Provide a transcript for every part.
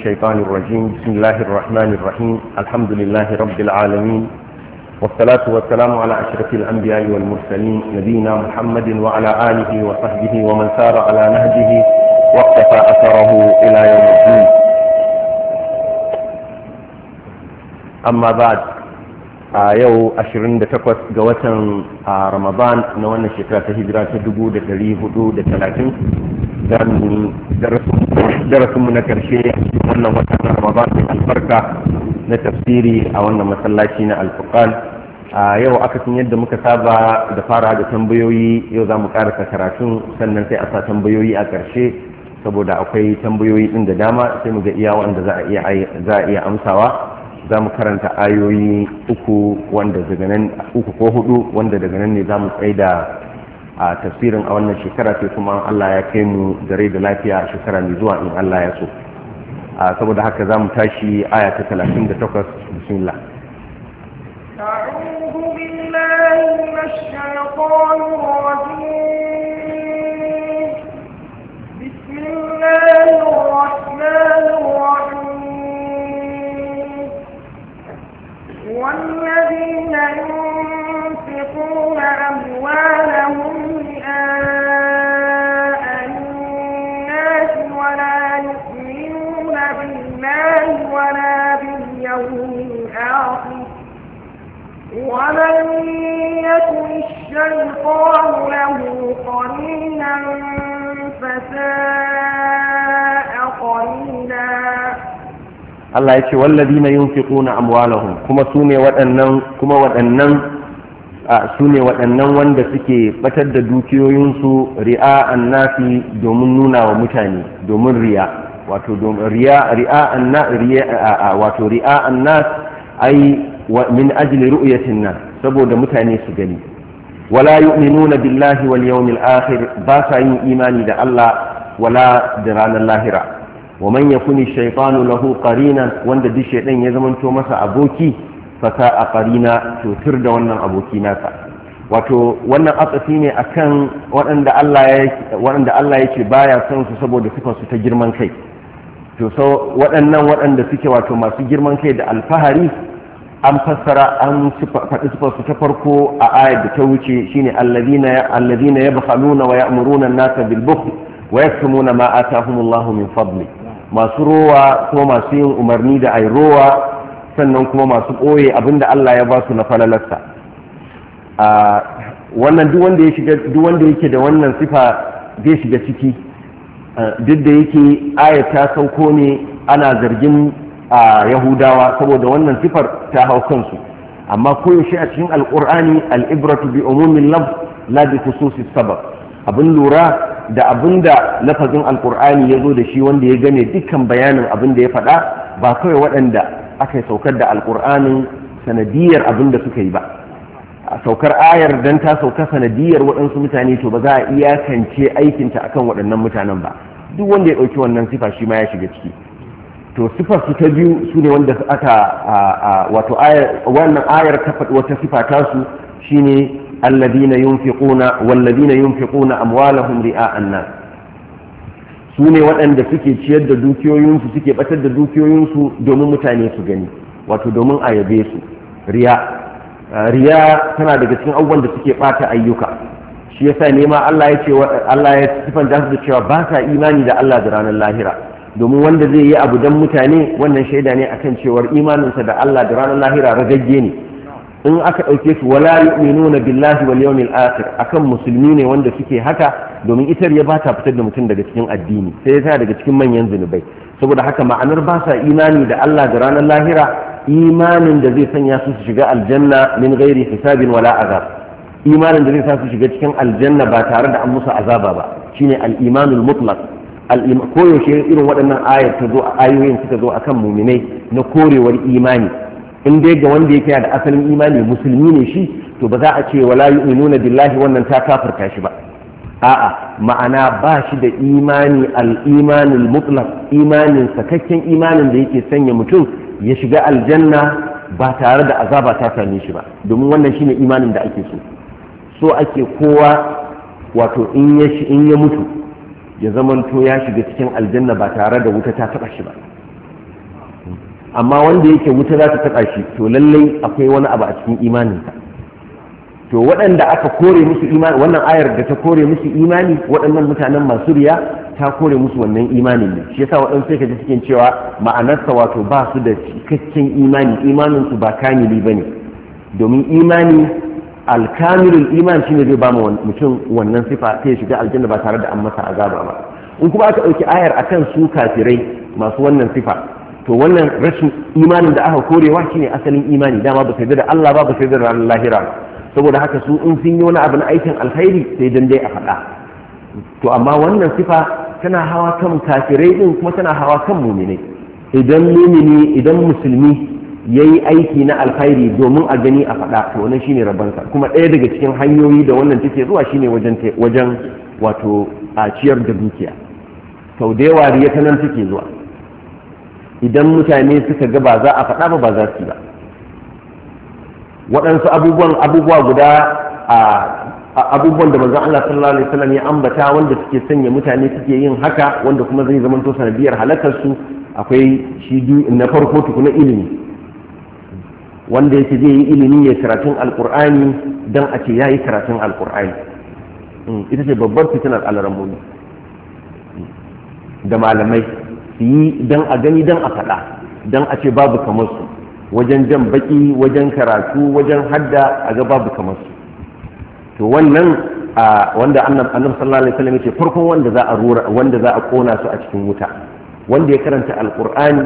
الشيطان الرجيم بسم الله الرحمن الرحيم الحمد لله رب العالمين والصلاة والسلام على أشرف الأنبياء والمرسلين نبينا محمد وعلى آله وصحبه ومن سار على نهجه واقتفى أثره إلى يوم الدين أما بعد a yau 28 ga watan ramadan na wannan shekara ta hijira ta 430 darasin mu na karshe wannan wata na Ramadan da albarka na tafsiri a wannan masallaci na alfuqan a yau aka san yadda muka saba da fara da tambayoyi yau za mu karasa karatun sannan sai a sa tambayoyi a karshe saboda akwai tambayoyi din da dama sai mu ga iya wanda za a iya amsawa za mu karanta ayoyi uku uku ko hudu wanda daga nan ne za mu tsaida a tafsirin a wannan shekara sai kuma Allah ya kai mu da rai da lafiya a shekara mai zuwa in Allah ya so saboda haka za mu tashi aya ta 38 bismillah أعوذ بالله من الشيطان الرجيم بسم الله الرحمن الرحيم والذين ينفقون أموالهم بالله ولا باليوم الآخر ومن يكن الشيطان له قرينا فساء قرينا Allah ya ce wallazina na amwalahum kuma sune waɗannan kuma waɗannan ne waɗannan wanda suke batar da dukiyoyinsu ri'a annasi domin nuna wa mutane domin riya wato ri'a'an na, ai min ajli ru'yatin nas saboda mutane su gani wala yu'minuna billahi wal yawmil akhir ba sa yin imani da Allah wala da ranar lahira wa man yakuni shaytanu lahu qarinan wanda duk shaydan ya zamanto masa aboki fa a qarina to da wannan aboki nasa wato wannan atsafi ne akan waɗanda Allah ya waɗanda Allah yake baya son su saboda su ta girman kai to so waɗannan waɗanda suke wato masu girman kai da alfahari an fassara an faɗi su ta farko a ayar da ta wuce shine allazina yabkhaluna wa ya'muruna an-nasa bil bukhl wa yaktumuna ma atahumullahu min fadli masu rowa kuma masu yin umarni da ai rowa sannan kuma masu ɓoye abinda Allah ya ba su na falalarsa ah, wannan duk wanda yake da wannan sifa zai shiga ciki Eh, duk da yake ayat ta sauko ne ana zargin a yahudawa saboda wannan sifar ta hau kansu amma koyaushe a cikin alkur'ani al'ibratu bi umumin laf la bi khususi sabab abin lura da abin da lafazin alkur'ani ya zo da shi wanda ya gane dukkan bayanin abin da ya faɗa ba kawai waɗanda aka saukar da alkur'anin sanadiyar abin da suka yi ba a saukar ayar dan ta sauka sanadiyar waɗansu mutane to ba za a iyakance aikinta akan waɗannan mutanen ba duk wanda ya ɗauki wannan sifa shi ma ya shiga ciki to sifar su ta biyu su ne wanda aka wato wannan ayar ta faɗi wata sifa ta su ne alladina ƙuna walladina yunfiquna amwalahum ri'a nan su ne waɗanda suke ciyar da dukiyoyinsu suke batar da dukiyoyinsu domin mutane su gani wato domin a yabe su riya riya tana daga cikin abubuwan da suke bata ayyuka shi yasa nema Allah ya ce Allah ya sifanta su da cewa ba sa imani da Allah da ranar lahira domin wanda zai yi abu dan mutane wannan shaida ne akan cewar imaninsa da Allah da ranar lahira ragagge ne in aka dauke su wala yu'minuna billahi wal yawmil akhir akan musulmi ne wanda suke haka domin ita riya ba ta fitar da mutum daga cikin addini sai ta daga cikin manyan zunubai saboda haka ma'anar ba sa imani da Allah da ranar lahira imanin da zai sanya su su shiga aljanna min gairi hisabin wala azab imanin da zai sa su shiga cikin aljanna ba tare da an musu azaba ba shine al-imanul mutlaq ko yaushe irin waɗannan ayar ta zo ayoyin suka zo akan muminai na korewar imani in dai ga wanda yake da asalin imani musulmi ne shi to ba za a ce wala yu'minuna billahi wannan ta kafirta shi ba a'a ma'ana ba shi da imani al-imanul mutlaq imanin sakakken imanin da yake sanya mutum ya shiga aljanna ba tare da azaba ta same shi ba domin wannan shine imanin da ake so so ake kowa wato in ya in ya mutu ya zamanto ya shiga cikin aljanna ba tare da wuta ta taba shi ba amma wanda yake wuta za ta taba shi to lallai akwai wani abu a cikin imaninsa to waɗanda aka kore musu imani wannan ayar da ta kore musu imani waɗannan mutanen masu riya ta kore musu wannan imanin ne shi yasa waɗansu sai kaji cikin cewa ma'anarsa wato ba su da cikakken imani imanin su ba kamili ba ne. domin imani alkamilul iman shine zai ba mutum wannan sifa sai ya shiga aljanna ba tare da an masa azaba ba in kuma aka ɗauki ayar akan su kafirai masu wannan sifa to wannan rashin imanin da aka korewa shine asalin imani dama ba sai da Allah ba ba sai da ranar lahira saboda haka su in sun yi wani abin aikin alkhairi sai dan dai a faɗa to amma wannan sifa tana hawa kan kafirai din kuma tana hawa kan muminai idan mumini idan musulmi yayi aiki na alkhairi domin a gani a faɗa to wannan shine rabansa kuma ɗaya daga cikin hanyoyi da wannan take zuwa shine wajen wajen wato a ciyar da dukiya sau da yawa riya ta nan take zuwa idan mutane suka ga ba za a faɗa ba ba za su yi ba waɗansu abubuwan abubuwa guda a abubuwan da manzon Allah sallallahu alaihi wasallam ya ambata wanda suke sanya mutane suke yin haka wanda kuma zai zama to sanadiyar halakar su akwai shi na farko tukuna ilimi wanda yake zai yi ilimi ya karatun alkur'ani don a ce ya yi karatun alkur'ani hmm, ita ce babbar fitinar alaramuni da malamai su yi don a gani dan a faɗa don a ce babu kamar su wajen jan baki wajen karatu wajen hadda a ga babu kamar su to wannan a wanda annabi sallallahu alaihi wasallam yake farkon wanda za a rura wanda za a kona su a cikin wuta wanda ya karanta alqur'ani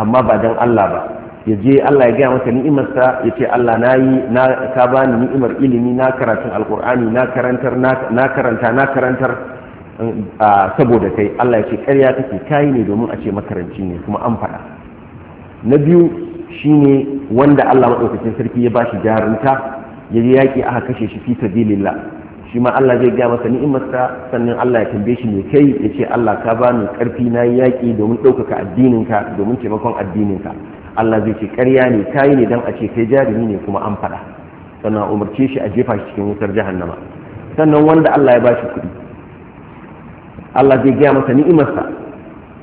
amma ba dan Allah ba ya je Allah ya gaya masa ni'imar ya ce Allah nayi yi na ka bani ni'imar ilimi na karatun alkur'ani na karantar na karanta na karantar um, saboda kai Allah ya ce ƙarya take kayi ne domin a ce makaranci ne kuma an faɗa na biyu Shi ne wanda Allah maɗaukacin sarki ya ba bashi jarunta ya je yaƙi aka kashe shi fi sabilillah shi ma Allah zai gaya masa ni'imarsa sannan Allah ya tambaye shi ne kai ya ce Allah ka bani ƙarfi na yaƙi domin ɗaukaka addininka domin taimakon addininka Allah zai ce ƙarya ne kayi ne don a ce kai jarumi ne kuma an faɗa sannan a umarce shi a jefa shi cikin wutar jahannama sannan wanda Allah ya bashi kuɗi Allah zai gaya masa ni'imarsa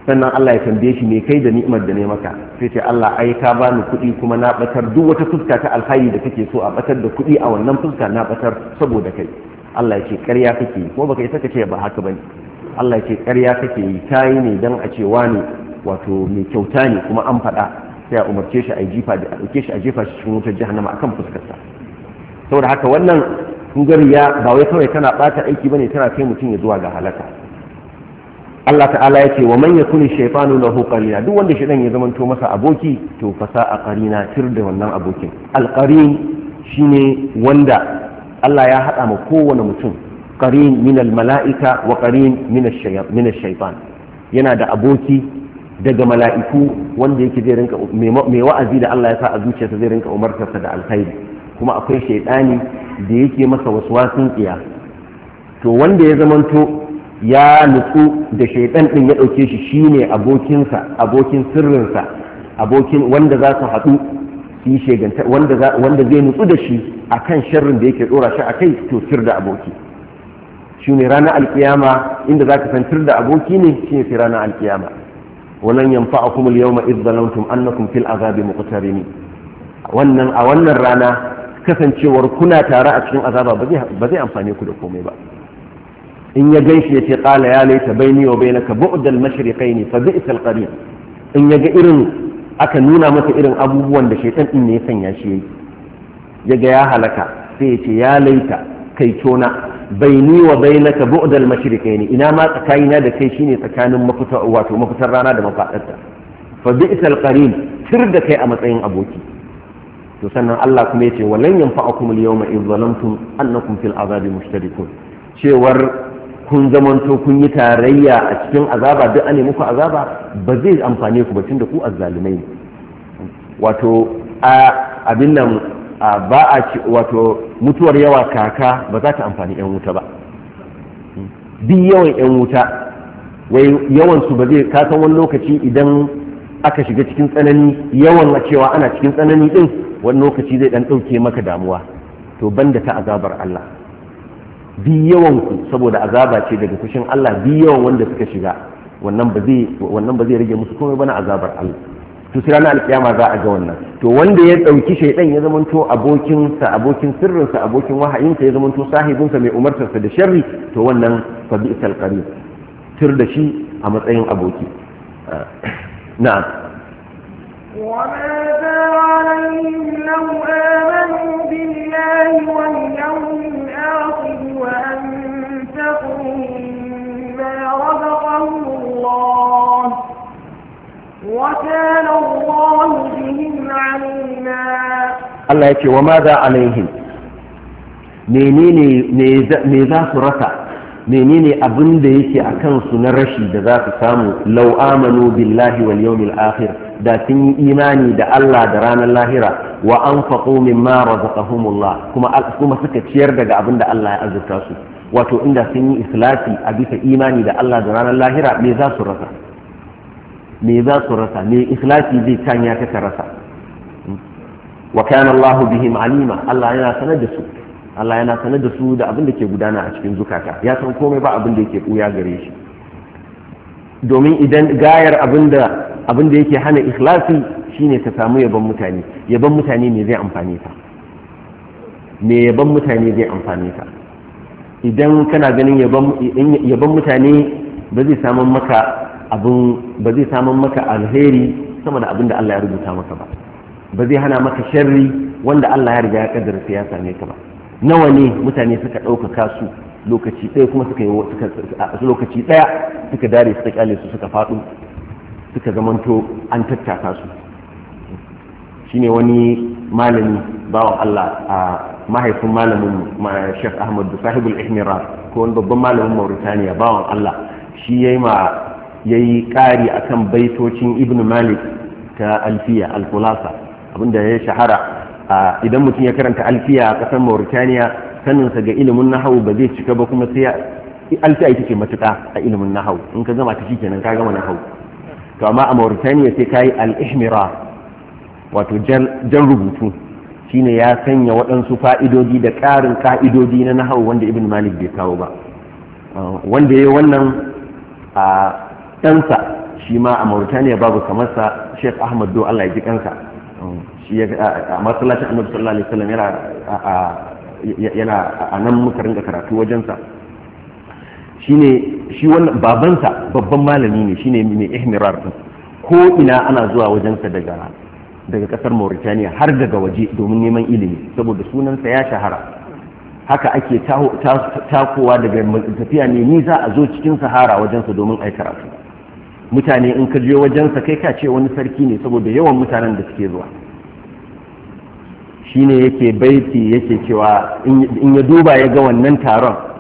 sannan Allah ya tambaye shi me kai da ni'imar da ne maka sai ce Allah ai ka bani kuɗi kuma na batar duk wata fuska ta alkhairi da kake so a batar da kuɗi a wannan fuska na batar saboda kai Allah ya ce ƙarya kake yi kuma baka isa ka ce ba haka bane Allah ya ce ƙarya kake yi tayi ne dan a ce wani wato mai kyauta ne kuma an fada sai a umarce shi a jifa da a shi a jefa shi cikin wutar jahannama akan fuskarsa saboda haka wannan kun ba wai kawai tana bata aiki bane tana kai mutum ya zuwa ga halaka Allah ta'ala ya ce wa man yakuni shaytanu lahu qarina duk wanda shaytan ya zamanto masa aboki to fasa a qarina tir da wannan abokin alqarin shine wanda Allah ya hada ma kowane mutum qarin min almalaika wa qarin min ash-shaytan yana da aboki daga mala'iku wanda yake zai rinka mai wa'azi da Allah ya sa a zuciyarsa zai rinka umartarsa da alkhairi kuma akwai shaiɗani da yake masa wasu wasun to wanda ya zamanto ya nutsu da shaidan din ya ɗauke shi shine abokinsa abokin sirrinsa abokin wanda za su haɗu yi sheganta wanda zai nutsu da shi a kan sharrin da yake dora shi a kai to sir da aboki shi ne ranar alkiyama inda za ka san sir da aboki ne shi ne ranar alkiyama walan yamfa a kuma liyau ma izzalantum annakum fil azabi muqtarini wannan a wannan rana kasancewar kuna tare a cikin azaba ba zai amfane ku da komai ba in ya gan shi ya ce ƙala ya laita bai ni wa bai naka mashriqai ne fa bi'sal qarin in ya ga irin aka nuna masa irin abubuwan da shaitan din ne ya sanya shi yayi ya ga ya halaka sai ya ce ya laita kai tona bai ni wa bai naka bu'dal mashriqai ne ina ma tsakanina da kai shine tsakanin mafita wato mafitar rana da mafadarta fa bi'sal qarin tir da kai a matsayin aboki to sannan Allah kuma ya ce walan yanfa'akum al-yawma idh zalamtum annakum fil azabi mushtarikun cewar kun zamanto kun yi tarayya a cikin azaba duk an muku azaba ba zai amfane ku ba tunda ku azzalumai wato abin nan ba a wato mutuwar yawa kaka ba za ta amfani yan wuta ba bi yawan yan wuta wai yawan su ba zai kasan wani lokaci idan aka shiga cikin tsanani yawan a cewa ana cikin tsanani din wani lokaci zai dan dauke maka damuwa to banda ta azabar Allah bi yawanku saboda azaba ce daga kushin Allah bi yawan wanda suka shiga wannan ba zai wannan ba zai rage musu komai bana azabar Allah to sai ranar alkiyama za a ga wannan to wanda ya dauki shaydan ya zamanto abokin sa abokin sirrin sa abokin wahayin sa ya zamanto sahibin sa mai umartar sa da sharri to wannan fa bi'sal tur da shi a matsayin aboki na'am wa وأنفقوا مما رزقهم الله وكان الله بهم عليما الله يكي وماذا عليهم menene za su rasa menene abin da yake a kansu na rashi da za su samu lau amanu billahi wal yawmil akhir da sun yi imani da Allah da ranar lahira wa an anfaqu min razaqahumullah kuma kuma suka ciyar daga abin da Allah ya azurta su wato inda sun yi islati a bisa imani da Allah da ranar lahira me za su rasa me za su rasa me islati zai canya ta rasa wa kana Allah bihim alima Allah yana sanar da su Allah yana sanar da su da abin da ke gudana a cikin zukata ya san komai ba abin da yake buya gare shi domin idan gayar abin da abin da yake hana ikhlasi shine ta samu yaban mutane yaban mutane ne zai amfane ta me mutane zai amfane ta idan kana ganin yaban mutane ba zai samun maka abin ba zai samun maka alheri sama da abin da Allah ya rubuta maka ba ba zai hana maka sharri wanda Allah ya riga ya kaddara ya same ka ba nawa ne mutane suka ɗaukaka su lokaci ɗaya kuma suka yi lokaci ɗaya suka dare suka kyale su suka faɗo suka zamanto an tattaka su shine wani malami bawan Allah a mahaifin malamin Sheikh Ahmadu, sahibul ihmira ko wani babban malamin Mauritania bawan Allah shi yi ma yayi kari kan baitocin Ibn Malik ta alfiya al abinda ya shahara idan mutum ya karanta alfiya a kasar Mauritania saninsa ga ilimin nahawu ba zai cika ba kuma sai alfiya ita ce matuƙa a ilimin nahawu in ka gama ta kenan ka gama nahawu to amma a mauritaniya sai ka yi al'ihmira wato jan rubutu shine ya sanya waɗansu fa'idodi da ƙarin ƙa'idodi na nahawu wanda ibn malik bai kawo ba uh, wanda ya yi wannan a ɗansa shi ma a mauritaniya babu kamarsa sheikh ahmad do allah ya ji ƙansa uh, shi a masallacin annabi sallallahu alaihi wasallam yana yana a nan muka ringa karatu wajensa shine shi wannan babansa babban malami ne shine mai ihmirar din ko ina ana zuwa wajensa daga daga kasar Mauritania har daga waje domin neman ilimi saboda sunansa ya shahara haka ake takowa daga tafiya ne ni za a zo cikin sahara wajensa domin ai karatu mutane in ka je wajensa kai ka ce wani sarki ne saboda yawan mutanen da suke zuwa shine yake baiti yake cewa in ya duba ya ga wannan taron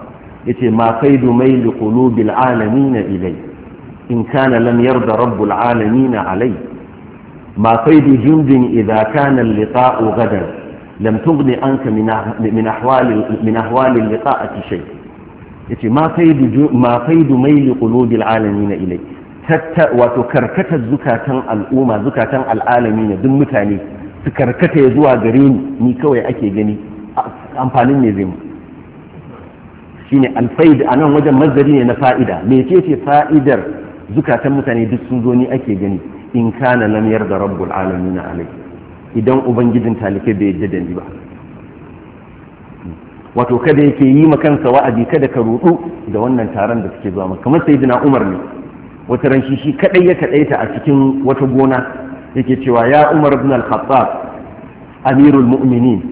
yace ma kaidu mail qulubil na ilai in kana lamyar da yarda alalami na alai ma kaidu jundin idha kana al-liqa'u gadan lam tughni anka ah, min ahwali min ahwali al-liqa'ati shay ma kaidu mai kaidu mail qulubil alamin ilai wato karkata zukatan al'umma zukatan al'alami na duk mutane su karkata ya zuwa gare ni ni kawai ake gani amfanin ne zai mu shine alfaid a nan wajen mazari ne na fa'ida mece ce fa'idar zukatan mutane duk sun zo ni ake gani in kana lam yarda rabbul alamin alai idan ubangijin talike bai yadda da ni ba wato kada yake yi ma kansa wa'azi kada ka rudu da wannan taron da suke zuwa maka kamar sayyidina umar ne wata ran shi kadai ya kadaita a cikin wata gona yake cewa ya umar ibn al-khattab amirul mu'minin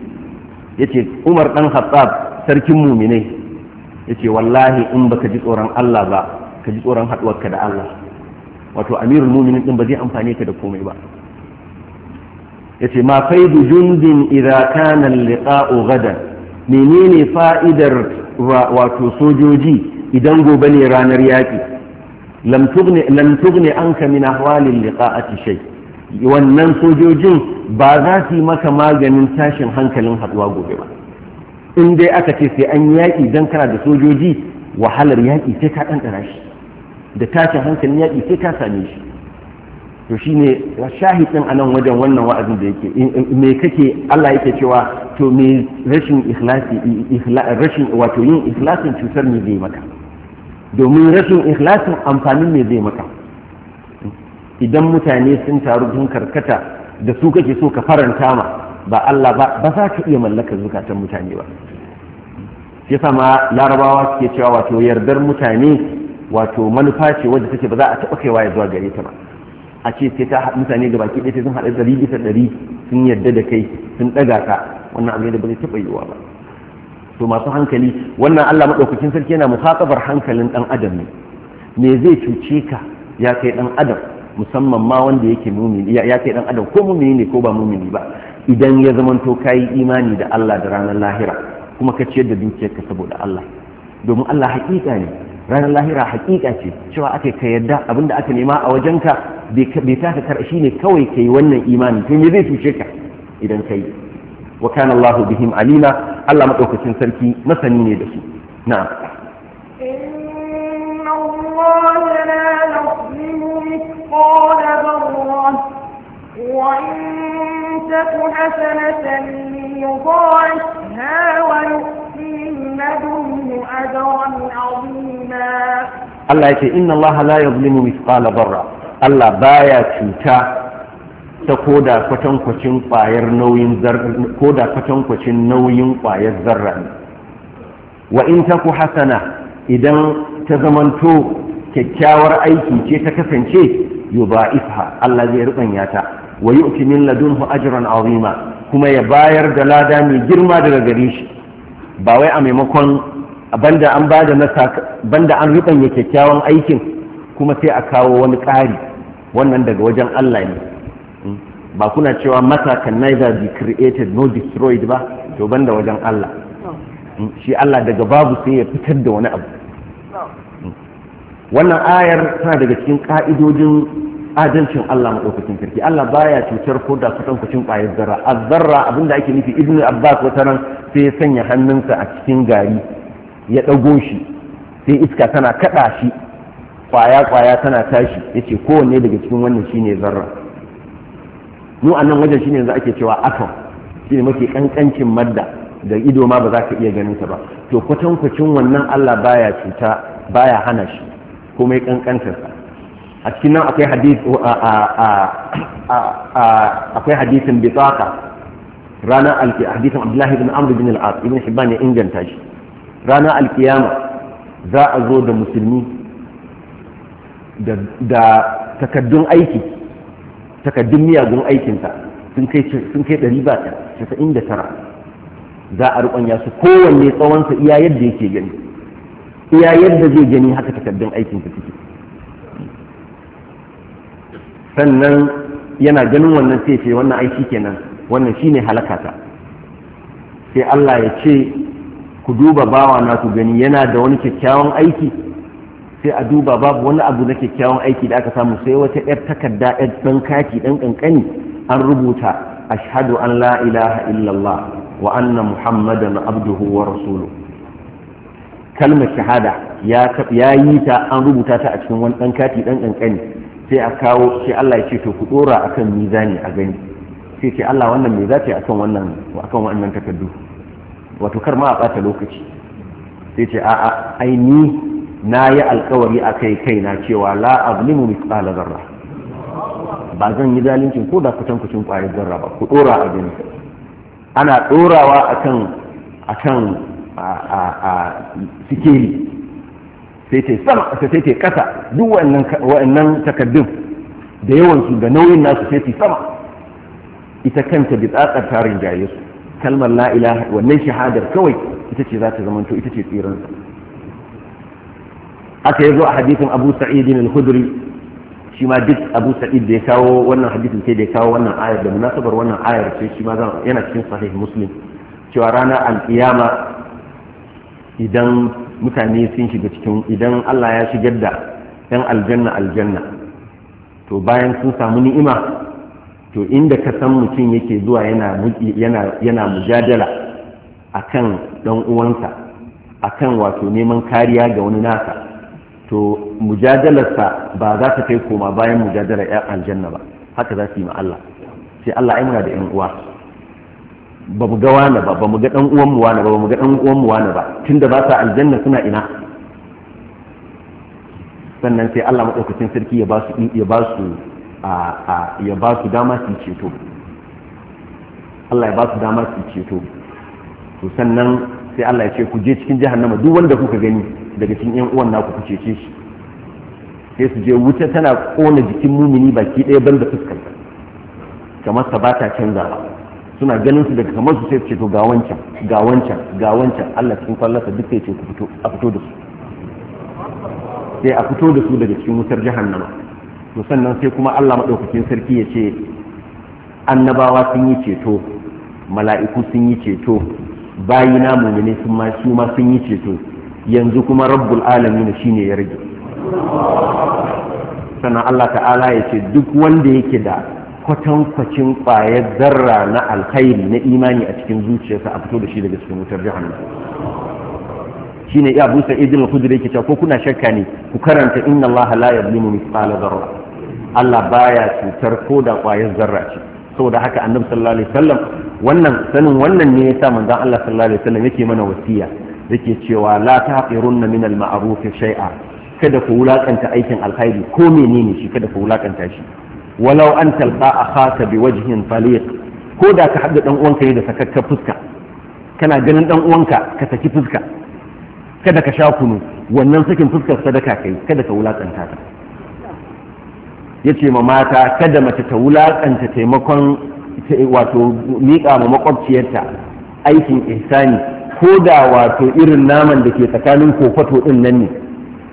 yace umar dan khattab sarkin mu'minai yace wallahi in baka ji tsoron Allah ba ka ji tsoron ka da Allah wato amirul mu'minin din ba zai amfane ka da komai ba yace ma faidu jundin idza kana liqa'u gadan menene fa'idar wato sojoji idan gobe ne ranar yaki lam tughni lam tughni anka min ahwalil liqa'ati shay wannan sojojin ba za su yi maka maganin tashin hankalin haɗuwa gobe ba in dai aka ce sai an yaƙi don kana da sojoji wahalar yaƙi sai ka ɗanɗana shi da tashin hankalin yaƙi sai ka same shi to shi ne shahidin a nan wajen wannan wa'azin da yake me kake Allah yake cewa to me rashin wato yin ikhlasin cutar me zai maka domin rashin ikhlasin amfanin me zai maka idan mutane sun taru sun karkata da su kake so ka faranta ma ba Allah ba ba za ka iya mallakar zukatan mutane ba shi yasa ma larabawa suke cewa wato yardar mutane wato manufa ce wadda take ba za a taɓa kaiwa ya zuwa gare ta ba a ce sai ta mutane da baki ɗaya sun haɗa ɗari bisa ɗari sun yarda da kai sun ɗaga ka wannan abu ne da ba zai taɓa yiwuwa ba to masu hankali wannan Allah maɗaukakin sarki yana muhaƙabar hankalin ɗan adam ne me zai cuce ka ya kai ɗan adam musamman ma wanda yake mumini ya kai ɗan adam ko mumini ne ko ba mumini ba idan ya zamanto kayi imani da Allah da ranar lahira kuma ka ciyar da dukiyarka saboda Allah domin Allah hakika ne ranar lahira hakika ce cewa aka ka yadda abinda aka nema a wajenka bai taka kar shi ne kawai ka yi wannan imanin to me zai cuce ka idan ka yi wa kana Allah bihim alima Allah madaukakin sarki masani ne da su na'am inna Allah la yuzlimu mithqala wa تك حسنة يضاعفها ويؤتي من لدنه أجرا عظيما الله يقول إن الله لا يظلم مثقال ذرة الله بايا تيتا ta koda kwatankwacin kwayar nauyin zarra, koda kwatankwacin nauyin kwayar zarra wa in taku hasana idan ta zamanto kyakkyawar aiki ce ta kasance yuba'ifha Allah zai rubanya ta wa yu'ti min ladunhu ajran azima kuma ya bayar da lada mai girma daga gare shi ba wai a maimakon banda an bada na banda an rubanya kyakkyawan aikin kuma sai a kawo wani ƙari wannan daga wajen Allah ne hmm? ba kuna cewa mata can neither be created nor destroyed ba to banda wajen Allah hmm? shi Allah daga babu sai ya fitar da wani abu hmm? wannan ayar tana daga cikin ka'idojin adalcin Allah maɗaukacin kirki Allah baya cutar ko da ɗaukacin ƙwayar zarra a zarra abinda ake nufi ibn abbas wata ran sai ya sanya hannunsa a cikin gari ya ɗago shi sai iska tana kaɗa shi ƙwaya ƙwaya tana tashi ya ce kowanne daga cikin wannan shine zarra mu a nan wajen shine yanzu ake cewa atom shine mafi ƙanƙancin madda da ido ma ba za ka iya ganin ta ba to kwatankwacin wannan Allah baya cuta baya hana shi komai ƙanƙantarsa a cikin nan akwai hadith akwai hadithin bitaka ranar alkiyama hadithin abdullahi ibn amr bin al-as ibn hibban ya inganta shi ranar alkiyama za a zo da musulmi da takaddun aiki takaddun miyagun aikinta sun kai sun kai tara, za a rubanya su kowanne tsawonsa iya yadda yake gani iya yadda zai gani haka takaddun aikinta suke sannan yana ganin wannan sai wannan aiki kenan wannan shine halakata sai Allah ya ce ku duba bawa na ku gani yana da wani kyakkyawan aiki sai a duba babu wani abu na kyakkyawan aiki da aka samu sai wata yar takarda yar dan kaki dan kankani an rubuta ashhadu an la illallah wa anna muhammadan abduhu wa rasuluhu kalmar shahada ya yi ta an rubuta ta a cikin wani dan kati dan kankani sai a kawo sai Allah ya ce to ku dora akan mizani a gani sai ce Allah wannan me za ta akan wannan akan wannan takardu wato kar ma a bata lokaci sai ce a ai ni na yi alkawari a kai kaina cewa la azlimu mithqala zarra ba zan yi zalincin ko da kutan kucin kwayar zarra ba ku dora a gani ana dorawa akan akan a sikeli sai ta sama sai ta kasa duk wa'annan takaddun da yawansu da nauyin nasu sai ta sama ita kanta bi tsatsar tarin jaye su kalmar la wannan shahadar kawai ita ce za ta zamanto ita ce tsiransa aka yazo a hadisin Abu Sa'id al-Khudri shi ma duk Abu Sa'id da ya kawo wannan hadisin sai da ya kawo wannan ayar da munasabar wannan ayar sai shi ma yana cikin sahih Muslim cewa ranar al-qiyama idan mutane sun shiga cikin idan Allah ya shigar da yan aljanna aljanna to bayan sun samu ni'ima to inda ka san mutum yake zuwa yana mujadala a mujadala akan ɗan uwansa akan wato neman kariya ga wani nasa to mujadalarsa ba za ta kai koma bayan mujadalar yan aljanna ba haka za su yi ma Allah sai Allah ai muna da yan uwa ba mu ga wani ba ba mu ga dan uwan mu wani ba ba mu ga dan uwan mu wani ba tunda ba sa aljanna suna ina sannan sai Allah madaukakin sarki ya ba su ya ba su a ya ba su dama su ceto Allah ya ba su dama su ceto to sannan sai Allah ya ce ku je cikin jahannama duk wanda kuka gani daga cikin yan uwan naku ku cece shi sai su je wuta tana kona jikin mumini baki ɗaya banda fuskar kamar ta ba ta suna ganin su daga kamar su sai ce to ga wancan ga wancan ga wancan Allah cikin kwallata duk sai ce ku fito a fito da su sai a fito da su daga cikin wutar jahannama to sannan sai kuma Allah madaukakin sarki ya ce annabawa sun yi ceto mala'iku sun yi ceto bayi na mumini sun ma su ma sun yi ceto yanzu kuma rabbul alamin shine ya rage sannan Allah ta'ala ya ce duk wanda yake da kwatankwacin ƙwayar zarra na alkhairi na imani a cikin zuciyarsa a fito da shi daga cikin wutar Shi ne ya busa izinin al-khudri yake ko kuna shakka ne ku karanta inna allaha la yadlimu mithqala zarra Allah baya cutar ko da ƙwayar zarra ce saboda haka annabi sallallahu alaihi wasallam wannan sanin wannan ne yasa manzon Allah sallallahu alaihi wasallam yake mana wasiya yake cewa la taqirunna min al-ma'ruf shay'a kada ku wulakanta aikin alkhairi ko menene shi kada ku wulakanta shi walau an talqa akhaka bi wajhin faliq ko da ka haɗa ɗan uwanka ne da sakakka fuska kana ganin ɗan uwanka ka saki fuska kada ka sha kunu wannan sakin fuskar sadaka kai kada ka wulakanta ta ce ma mata kada mace ta wulakanta taimakon wato miƙa ma makwabciyarta aikin ihsani ko da wato irin naman da ke tsakanin kofato ɗin nan ne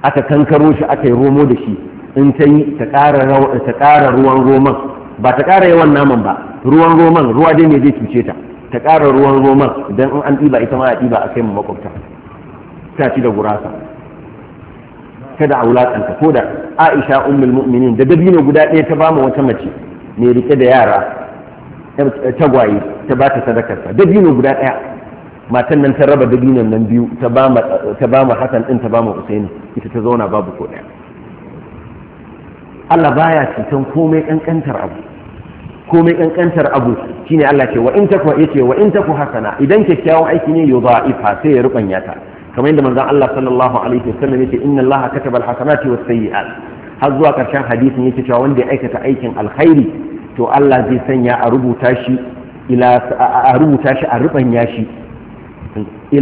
aka kankaro shi aka yi romo da shi in ta yi ta ƙara ruwan roman ba ta ƙara yawan naman ba ruwan roman ruwa dai ne zai cuce ta ta ƙara ruwan roman don in an ɗiba ita ma a ɗiba a kai mu makwabta ta ci da gurasa kada a wulaƙanta ko da aisha ummul mu'minin da dabino guda ɗaya ta ba mu wata mace mai rike da yara tagwaye ta ba ta sadakarta dabino guda ɗaya matan nan ta raba dabinon nan biyu ta ba mu hasan ɗin ta ba mu usaini ita ta zauna babu ko ɗaya Allah baya cutan komai kankantar abu komai kankantar abu shine Allah ce wa in taku yace wa in taku hasana idan kyakkyawan aiki ne yudha'ifa sai ya rubanya ta kamar yadda manzon Allah sallallahu alaihi wasallam yace inna Allah kataba al-hasanati was-sayyi'at har zuwa karshen hadisin yake cewa wanda ya aikata aikin alkhairi to Allah zai sanya a rubuta shi ila a rubuta shi a rubanya shi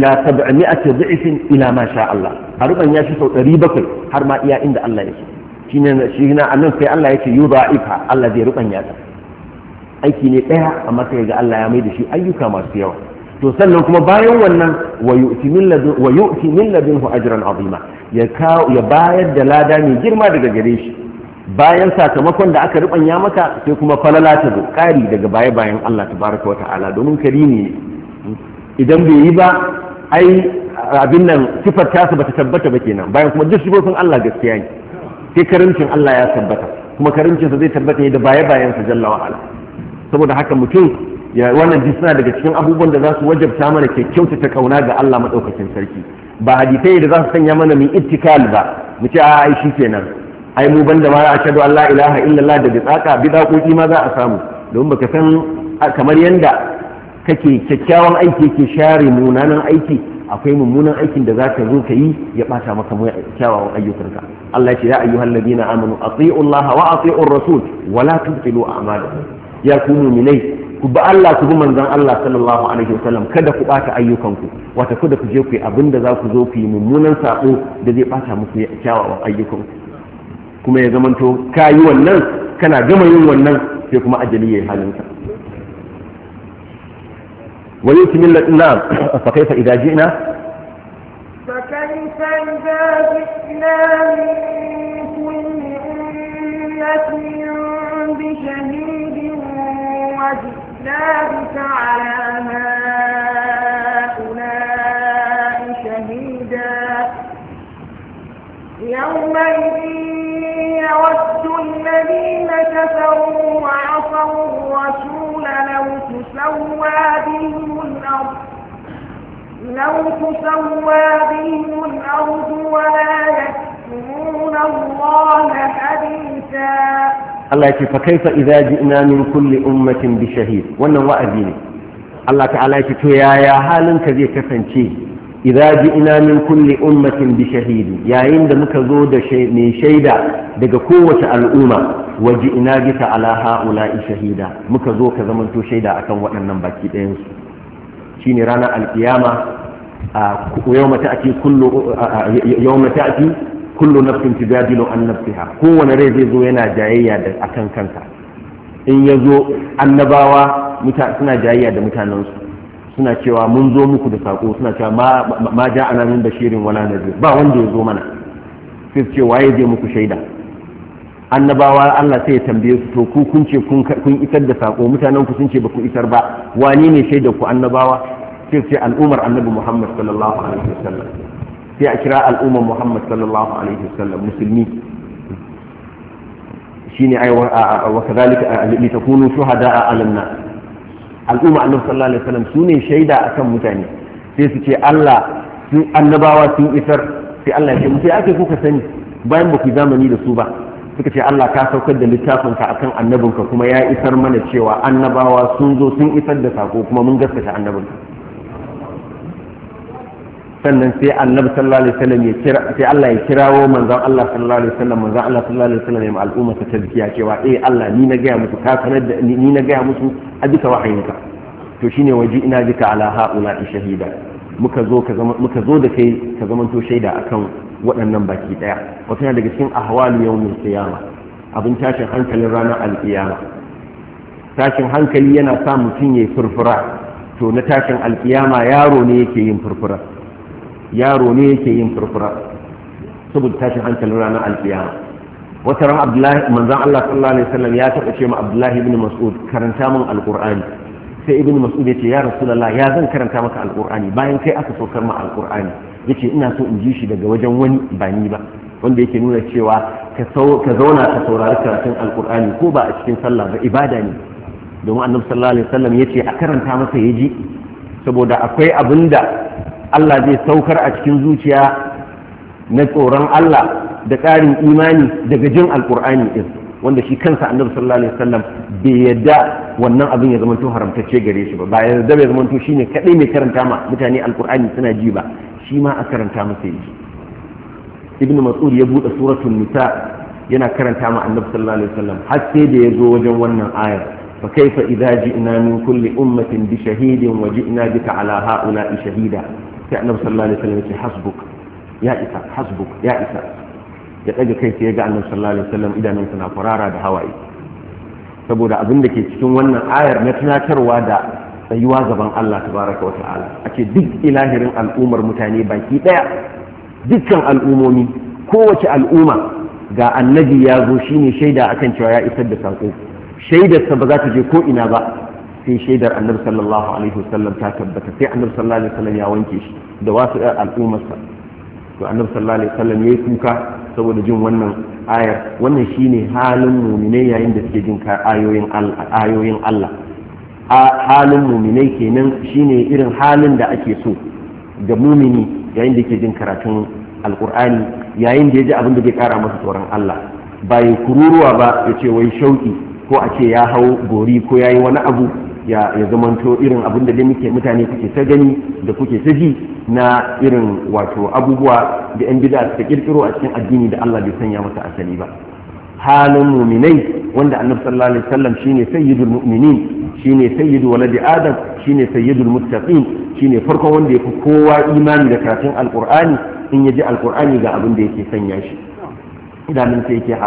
ila 700 dhifin ila ma sha Allah a rubanya shi sau 700 har ma iya inda Allah ya so shi ne a nan sai Allah ya ce yuba ifa Allah zai rubanya ta aiki ne ɗaya amma sai ga Allah ya mai da shi ayyuka masu yawa to sannan kuma bayan wannan wa yu'ti min ladunhu ajran azima ya bayar da lada mai girma daga gare shi bayan sakamakon da aka rubanya maka sai kuma falala ta zo kari daga baya bayan Allah tabaraka wa ta'ala domin karimi ne idan bai yi ba ai abin nan sifar tasa bata tabbata ba kenan bayan kuma duk sifofin Allah gaskiya ne sai karincin Allah ya tabbata kuma sa zai tabbata ne da baya bayansa jalla ala saboda haka mutum ya wannan duk daga cikin abubuwan da za su wajabta mana ke ta kauna ga Allah madaukakin sarki ba hadisai da za su sanya mana mu ittikal ba mu ce a ai shi kenan ai mu banda ma a an Allah ilaha illallah da bidaka bidakoki ma za a samu domin baka san kamar yanda kake kyakkyawan aiki ke share munanan aiki akwai mummunan aikin da zaka zo ka yi ya bata maka kyawawan ayyukanka Allah ce ya ayyuhal ladina amanu ati'u Allah wa ati'u rasul wa la tubtilu a'malakum ya ku mu'minai ku bi Allah ku bi manzon Allah sallallahu alaihi wasallam kada ku bata ayyukanku wata kada ku je ku yi abin da za ku zo ku yi mummunan sako da zai bata muku kyawawan ayyukanku kuma ya zamanto ka yi wannan kana gama yin wannan sai kuma ajali ya yi halinka من الإمام نعم. فكيف إذا جئنا فكيف إذا جئنا من لو تسوى بهم الأرض ولا يكتمون الله حديثا Allah yake fa kaifa idza ji'na min kulli ummatin bi wannan wa'azi ne Allah ta'ala yake to yaya halin zai kasance idza ji'na min kulli ummatin bi shahid yayin da muka zo da mai shaida daga kowace al'umma waje ina bika ala ha'ula'i shahida muka zo ka zamanto shaida akan waɗannan baki ɗayansu. su shine ranar alkiyama Yau ta'ti kullu yawma ta'ti kullu nafsin tujadilu an nafsiha kowane rai zai zo yana jayayya da akan kanka in ya zo annabawa suna jayayya da mutanensu suna cewa mun zo muku da sako suna cewa ma ja ana min bashirin wala nadir ba wanda ya zo mana sai ce waye je muku shaida annabawa Allah sai ya tambaye su to ku kun ce kun isar da sako mutanen ku sun ce ba ku isar ba wani ne shaida ku annabawa sai ce al'ummar annabi muhammad sallallahu alaihi wasallam sai a kira al'ummar muhammad sallallahu alaihi wasallam musulmi shine ai wa kadhalika li takunu shuhada 'ala an al'umma annabi sallallahu alaihi wasallam sune shaida akan mutane sai su ce Allah sun annabawa sun isar sai Allah ya ce mutai ake kuka sani bayan ba ku zamani da su ba suka ce Allah ka saukar da littafinka akan annabinka kuma ya isar mana cewa annabawa sun zo sun isar da sako kuma mun gaskata annabinka sannan sai annabi sallallahu alaihi wasallam ya kira sai Allah ya kirawo manzon Allah sallallahu alaihi wasallam manzon Allah sallallahu alaihi wasallam ya al'umma ta tazkiya cewa eh Allah ni na gaya musu ka sanar da ni na gaya musu a bisa wahayinka to shine waje ina bika ala haula shahida muka zo ka zama muka zo da kai ka zama to shaida akan waɗannan baki daya wato yana daga cikin ahwalu yawmil qiyama abin tashin hankalin ranar alkiyama tashin hankali yana sa mutum ya yi furfura to na tashin alkiyama yaro ne yake yin furfura yaro ne yake yin furfura saboda tashin hankalin ranar alkiyama wata ran abdullahi Allah sallallahu alaihi wasallam ya taɓa ce ma abdullahi ibn mas'ud karanta min alqur'ani sai ibn mas'ud yace ya rasulullah ya zan karanta maka alqur'ani bayan kai aka saukar ma alqur'ani yace ina so in ji shi daga wajen wani ba ni ba wanda yake nuna cewa ka zauna ka saurari karatun alkur'ani ko ba a cikin sallah ba ibada ne domin annabi sallallahu alaihi wasallam yace a karanta masa ya ji saboda akwai abinda Allah zai saukar a cikin zuciya na tsoron Allah da ƙarin imani daga jin alƙur'ani ɗin wanda shi kansa annabi sallallahu alaihi wasallam bai yadda wannan abin ya zamanto haramtacce gare shi ba ba ya yadda bai zamanto shine kadai mai karanta ma mutane alƙur'ani suna ji ba shi ma a karanta masa yi ibnu mas'ud ya buɗe suratul nisa yana karanta ma annabi sallallahu alaihi wasallam har sai da ya zo wajen wannan ayar فكيف إذا جئنا من كل أمة بشهيد وجئنا بك على هؤلاء shahida. sai annabi sallallahu alaihi wasallam ya ce hasbuk ya isa hasbuk ya isa ya ɗaga kai sai ya ga annabi sallallahu alaihi wasallam idanunsa na farara da hawaye saboda abin da ke cikin wannan ayar na tunatarwa da tsayuwa gaban Allah tabaraka wa ta'ala ake duk ilahirin al'ummar mutane baki daya dukkan al'umomi kowace al'umma ga annabi ya zo shine shaida akan cewa ya isar da sako shaidar sa ba za ta je ko ina ba sai shaidar annabi sallallahu alaihi wasallam ta tabbata sai annabi sallallahu alaihi wasallam ya wanke shi da wasu al'ummarsa to annabi sallallahu alaihi wasallam yayi kuka saboda jin wannan ayar wannan shine halin mu'minai yayin da suke jin ayoyin Allah ayoyin Allah halin mu'minai kenan shine irin halin da ake so ga mu'mini yayin da yake jin karatun alqur'ani yayin da ya ji abin da zai kara masa tsoron Allah ba ya kururuwa ba ya ce wai shauki ko a ce ya hau gori ko ya yi wani abu ya zamanto irin abin da dai muke mutane kuke ta gani da kuke ta ji na irin wato abubuwa da yan bid'a suka kirkiro a cikin addini da Allah bai sanya masa asali ba halin muminai wanda annabi sallallahu alaihi wasallam shine sayyidul mu'minin shine sayyidu waladi adam shine sayyidul muttaqin shine farkon wanda ya fi kowa imani da karatun alqur'ani in yaji alqur'ani ga abin da yake sanya shi mun sai yake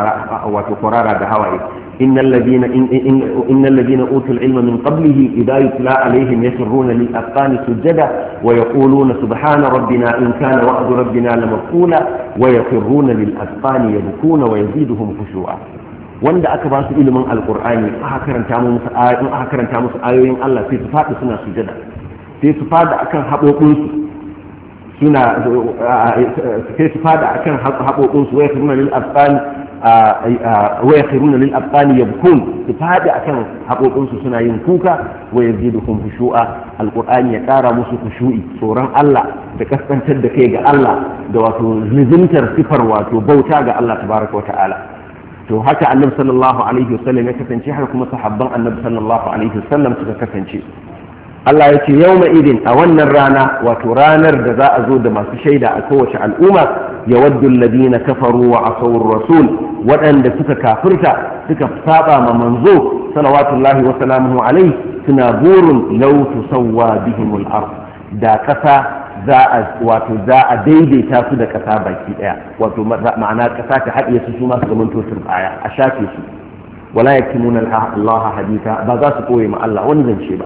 wato kwarara da hawaye إن الذين إن, إن, إن الذين أوتوا العلم من قبله إذا يتلى عليهم يسرون للأذقان سجدا ويقولون سبحان ربنا إن كان وعد ربنا لمفعولا ويقرون للأذقان يبكون ويزيدهم خشوعا wanda aka ba su ilimin alkur'ani aka karanta musu ayoyin aka karanta musu ayoyin Allah sai su fadi suna sujada sai su fada sai su fada akan haɓoɓinsu lil wa yakhruna lil abqani yabkun su fadi akan haƙoƙin su suna yin kuka wa yaziduhum khushu'a alqur'ani ya ƙara musu khushu'i tsoron Allah da kaskantar da kai ga Allah da wato lizintar sifar wato bauta ga Allah tabaraka wa ta'ala to haka annabi sallallahu alaihi wasallam ya kasance har kuma sahabban annabi sallallahu alaihi wasallam suka kasance Allah ya ce yau idin a wannan rana wato ranar da za a zo da masu shaida a kowace al'umma ya waddu ladina kafaru wa a rasul waɗanda suka kafirta suka saba ma manzo salawatullahi wa salamuhu alaihi suna burin law tusawwa bihimul ard da ƙasa za a wato za a daidaita su da ƙasa baki ɗaya, wato ma'ana ƙasa ta haɗiye su su masu su zamanto turbaya a shafe su wala yaktumuna Allah hadita ba za su koye ma Allah wani zance ba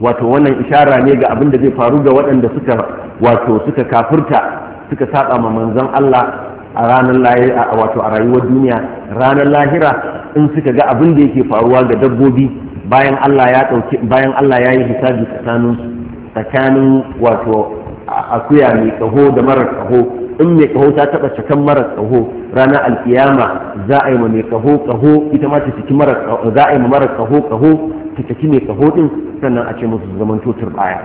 wato wannan ishara ne ga abin da zai faru ga waɗanda suka wato suka kafirta suka saba ma manzon Allah a ranar lahira wato a rayuwar duniya ranar lahira in suka ga abin da yake faruwa ga dabbobi bayan Allah ya dauke bayan Allah ya yi hisabi tsakanin tsakanin wato akuya mai kaho da mara kaho in mai kaho ta taba cikin mara kaho Rana alkiyama za a yi ma mai kaho kaho ita ma ta ciki mara za a yi ma mara kaho kaho ta ciki mai kaho din sannan a ce musu zaman tutur baya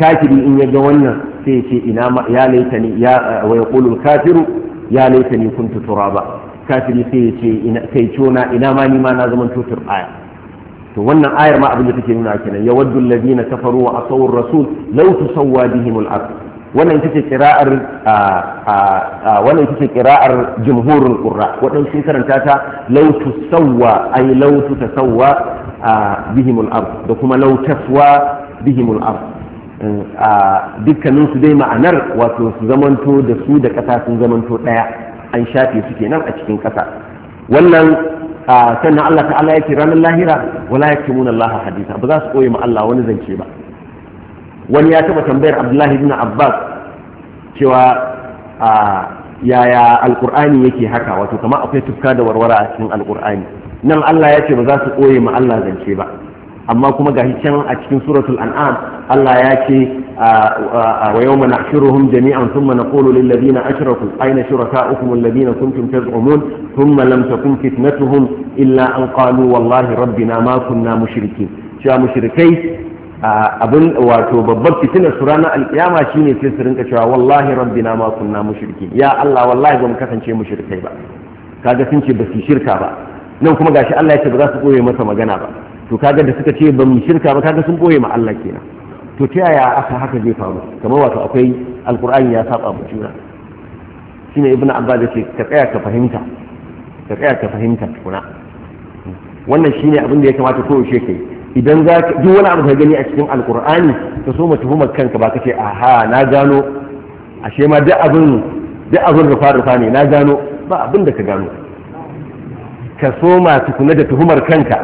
kafiri in ya ga wannan sai ya ce ina ma ya laita ni ya wa yaqulu kafiru ya laita ni kuntu turaba kafiri sai ya ce ina kai cona ina ma ni ma na zaman tutur baya to wannan ayar ma abin da take nuna kenan yawaddu alladhina kafaru wa asaw ar-rasul law tusawwa bihim al-ardh wannan ita ce kira'ar wannan ita ce kira'ar jumhurin qurra wadan sun karanta ta law tusawwa ay law tutasawwa bihimul ard da kuma law taswa bihimul ard eh, dukkanin su dai ma'anar wato su zamanto da su da kasa sun zamanto ɗaya, an shafe su kenan a cikin kasa wannan sannan Allah ta'ala yake ranar lahira wala yaktumuna Allah hadisa ba za su koyi ma Allah wani zance ba wani ya taba tambayar abdullahi ibn abbas cewa a yaya alkur'ani yake haka wato kama akwai tufka da warwara a cikin alkur'ani nan allah ya ce ba za su ɓoye ma allah zance ba amma kuma gashi can a cikin suratul an'am allah ya ce wa mana nahshuruhum jami'an thumma naqulu lil ladina ashraku ayna shurakaukum alladina kuntum taz'umun thumma kun fitna fitnatuhum illa an qalu wallahi rabbina na kunna mushrikin cewa mushrikai abin wato babbar fitinar su ranar alkiyama shine sai su rinka cewa wallahi rabbina ma kunna mushrikin ya Allah wallahi ba mu kasance mushrikai ba kaga sun ce ba su shirka ba nan kuma gashi Allah ya ce ba za su koye masa magana ba to kaga da suka ce ba mu shirka ba kaga sun koye ma Allah kenan to ta yaya aka haka zai faru kamar wato akwai alkur'ani ya saba mu juna shine ibnu abbas yace ka tsaya ka fahimta ka tsaya ka fahimta tukuna wannan shine abin da ya kamata ko yaushe kai idan za ka duk wani abu ta gani a cikin alkur'ani ka so tuhumar kanka ba kace aha na gano ashe ma duk abin duk abin rufa rufa ne na gano ba abin da ka gano ka so ma tukuna da tuhumar kanka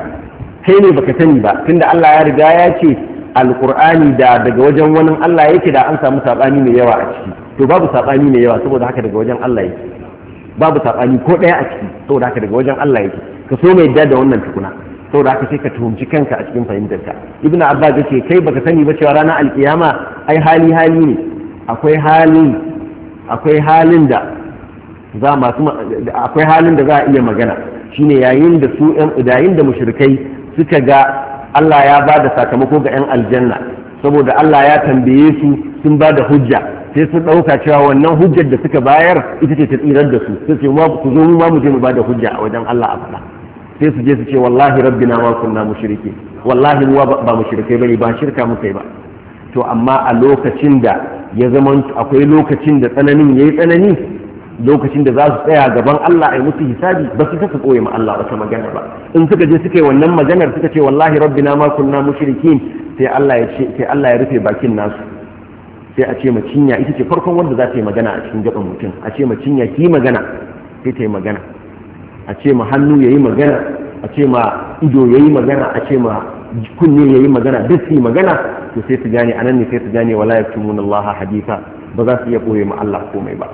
kai ne baka sani ba tunda Allah ya riga ya ce alkur'ani da daga wajen wani Allah yake da an samu sabani mai yawa a ciki to babu sabani mai yawa saboda haka daga wajen Allah yake babu sabani ko daya a ciki saboda haka daga wajen Allah yake ka so mai yadda da wannan tukuna saboda haka sai ka tuhumci kanka a cikin fahimtarka ibn Abba abbas ce kai baka sani ba cewa rana alkiyama ai hali hali ne akwai halin akwai halin da za masu akwai halin da za a iya magana shine yayin da su yan yayin da mushrikai suka ga Allah ya ba da sakamako ga 'yan aljanna saboda Allah ya tambaye su sun ba da hujja sai sun ɗauka cewa wannan hujjar da suka bayar ita ce ta tsirar da su sai su zo mu ma mu je mu ba da hujja a wajen Allah a faɗa sai su je su ce wallahi rabbina ma kunna mushrike wallahi mu ba mushrike bane ba shirka muka yi ba to amma a lokacin da ya zama akwai lokacin da tsananin yayi tsanani lokacin da za su tsaya gaban Allah ai musu hisabi ba su ta koye ma Allah wata magana ba in suka je suka yi wannan maganar suka ce wallahi rabbina ma kunna mushrikin sai Allah ya ce sai Allah ya rufe bakin nasu sai a ce ma cinya ita ce farkon wanda za ta yi magana a cikin gaban mutum a ce ma cinya ki magana sai ta yi magana a ce ma hannu ya yi magana a ce ma ido ya yi magana a ce ma kunne ya yi magana duk su yi magana to sai su gane anan ne sai su gane wala yaktumuna Allah hadisa ba za su iya boye ma Allah komai ba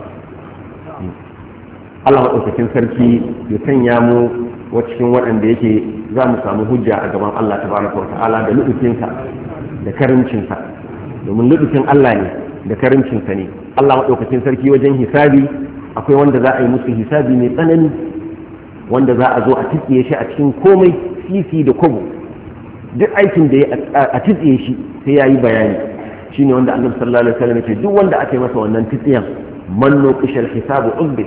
Allah maɗaukakin sarki ya sanya mu cikin waɗanda yake za mu samu hujja a gaban Allah ta tabaraka wa ta'ala da lu'ufinsa da karimcinsa domin lu'ufin Allah ne da karimcinsa ne Allah maɗaukakin sarki wajen hisabi akwai wanda za a yi musu hisabi mai tsanani wanda za a zo a titsiye shi a cikin komai sisi da kobo duk aikin da ya a titsiye shi sai ya yi bayani shine wanda annabi sallallahu alaihi wasallam ce duk wanda aka yi masa wannan titsiyan manno nuqishal hisabu uzbi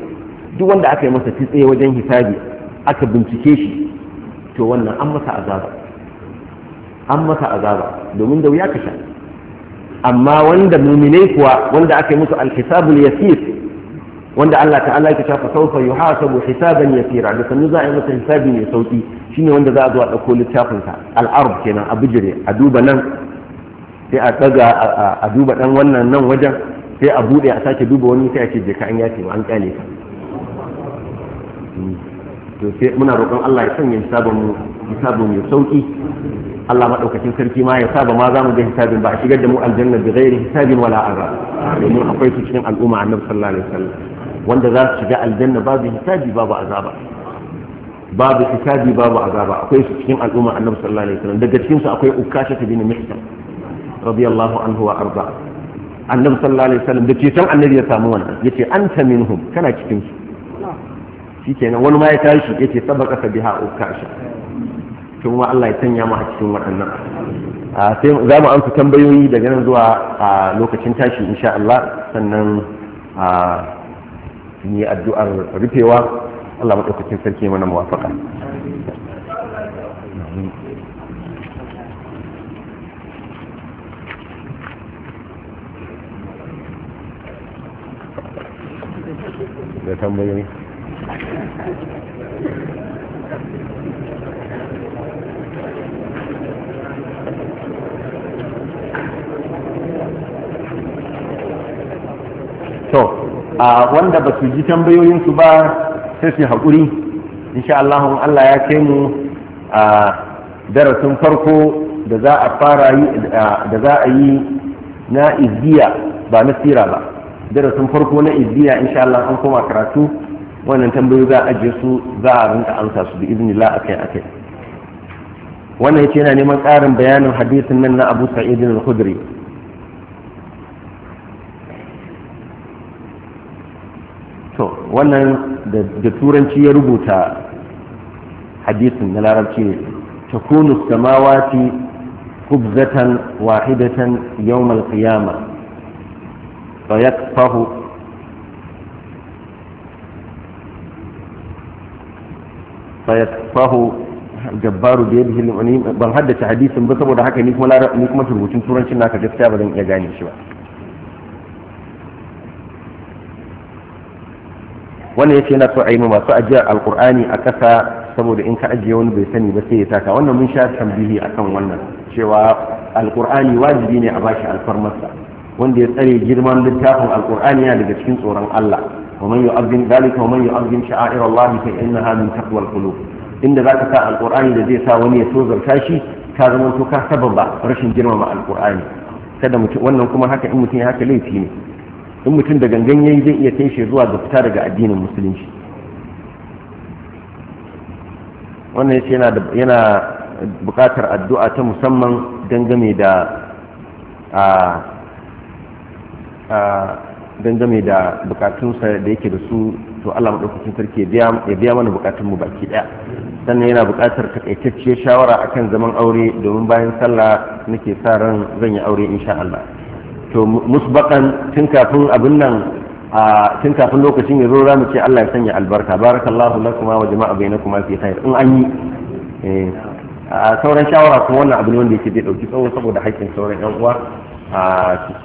duk wanda aka yi masa titsiye wajen hisabi aka bincike shi to wannan an masa azaba an masa azaba domin da wuya ka sha amma wanda muminai kuwa wanda aka yi musu alhisabul yasir wanda Allah ta'ala yake cewa sawfa yuhasabu hisaban yasira da sanu za a yi masa hisabi mai sauki shine wanda za a zo a dauko littafin sa al-arb kenan a bijire a duba nan sai a tsaga a duba dan wannan nan wajen sai a bude a sake duba wani sai a ce jeka an yace an kyale ka to sai muna roƙon Allah ya sanya hisabun mu hisabun mai sauki Allah maɗaukacin sarki ma ya saba ma za mu ga hisabin ba a shigar da mu aljanna bi ghairi hisabin wala arra domin akwai su cikin al'umma annabi sallallahu alaihi wasallam wanda za su shiga aljanna babu hisabi babu azaba babu hisabi babu azaba akwai su cikin al'umma annabi sallallahu alaihi wasallam daga cikin su akwai ukasha bin mihsan radiyallahu anhu wa arda annabi sallallahu alaihi wasallam da ke san annabi ya samu wannan yace anta minhum kana cikin su shikenan wani ma ya tashi yace sabaka sabiha ukasha to ma Allah ya sanya mu a cikin waɗannan sai za mu amsa tambayoyi daga nan zuwa lokacin tashi insha Allah sannan in yi addu'ar rufewa Allah maɗaukakin sarki mana muwafaka da tambayoyi to a wanda ba su ji tambayoyinsu ba sai su haƙuri insha Allah Allah ya kai mu a darasin farko da za a fara yi da za a yi na izdiya ba na sira ba darasin farko na izziya insha Allah an koma karatu wannan tambayoyi za a ajiye su za a rinka amsa su izini la akai akai wannan yace yana neman ƙarin bayanin hadisin nan na Abu Sa'id al-Khudri to wannan da turanci ya rubuta hadisin na larabci ne ta kunu samawati kubzatan wahidatan yawmal qiyama fa yakfahu fa yakfahu jabbaru da yadda ban haddace hadisin ba saboda haka ni kuma ni kuma rubutun turancin naka gaskiya ba zan iya gane shi ba wannan yace yana so a yi ma masu ajiyar alkur'ani a ƙasa saboda in ka ajiye wani bai sani ba sai ya taka wannan mun sha tambihi akan wannan cewa alkur'ani wajibi ne a bashi alfarmarsa wanda ya tsare girman littafin alkur'ani yana daga cikin tsoron Allah wa man yu'azzim dalika wa man yu'azzim sha'air Allah fa innaha min taqwal qulub inda zaka sa alkur'ani da zai sa wani ya tozarta shi ka zama to ka sababa rashin girmama alkur'ani kada wannan kuma haka in mutum ya haka laifi ne in mutum da gangan yayi zai iya kai zuwa ga fita daga addinin musulunci wannan yace yana yana buƙatar addu'a ta musamman dangane da a a dangane da bukatunsa da yake da su to Allah madaukakin sarki ya biya mana bukatun mu baki daya sannan yana bukatar takaitacciyar shawara akan zaman aure domin bayan sallah nake sa ran zan yi aure insha Allah to musbakan tun kafin abin nan a tun kafin lokacin ya zo za mu ce Allah ya sanya albarka barakallahu lakuma wa jama'a bainakuma fi khair in an yi eh, a sauran shawara kuma wannan abin wanda yake zai dauki tsawo saboda haƙƙin sauran yan uwa a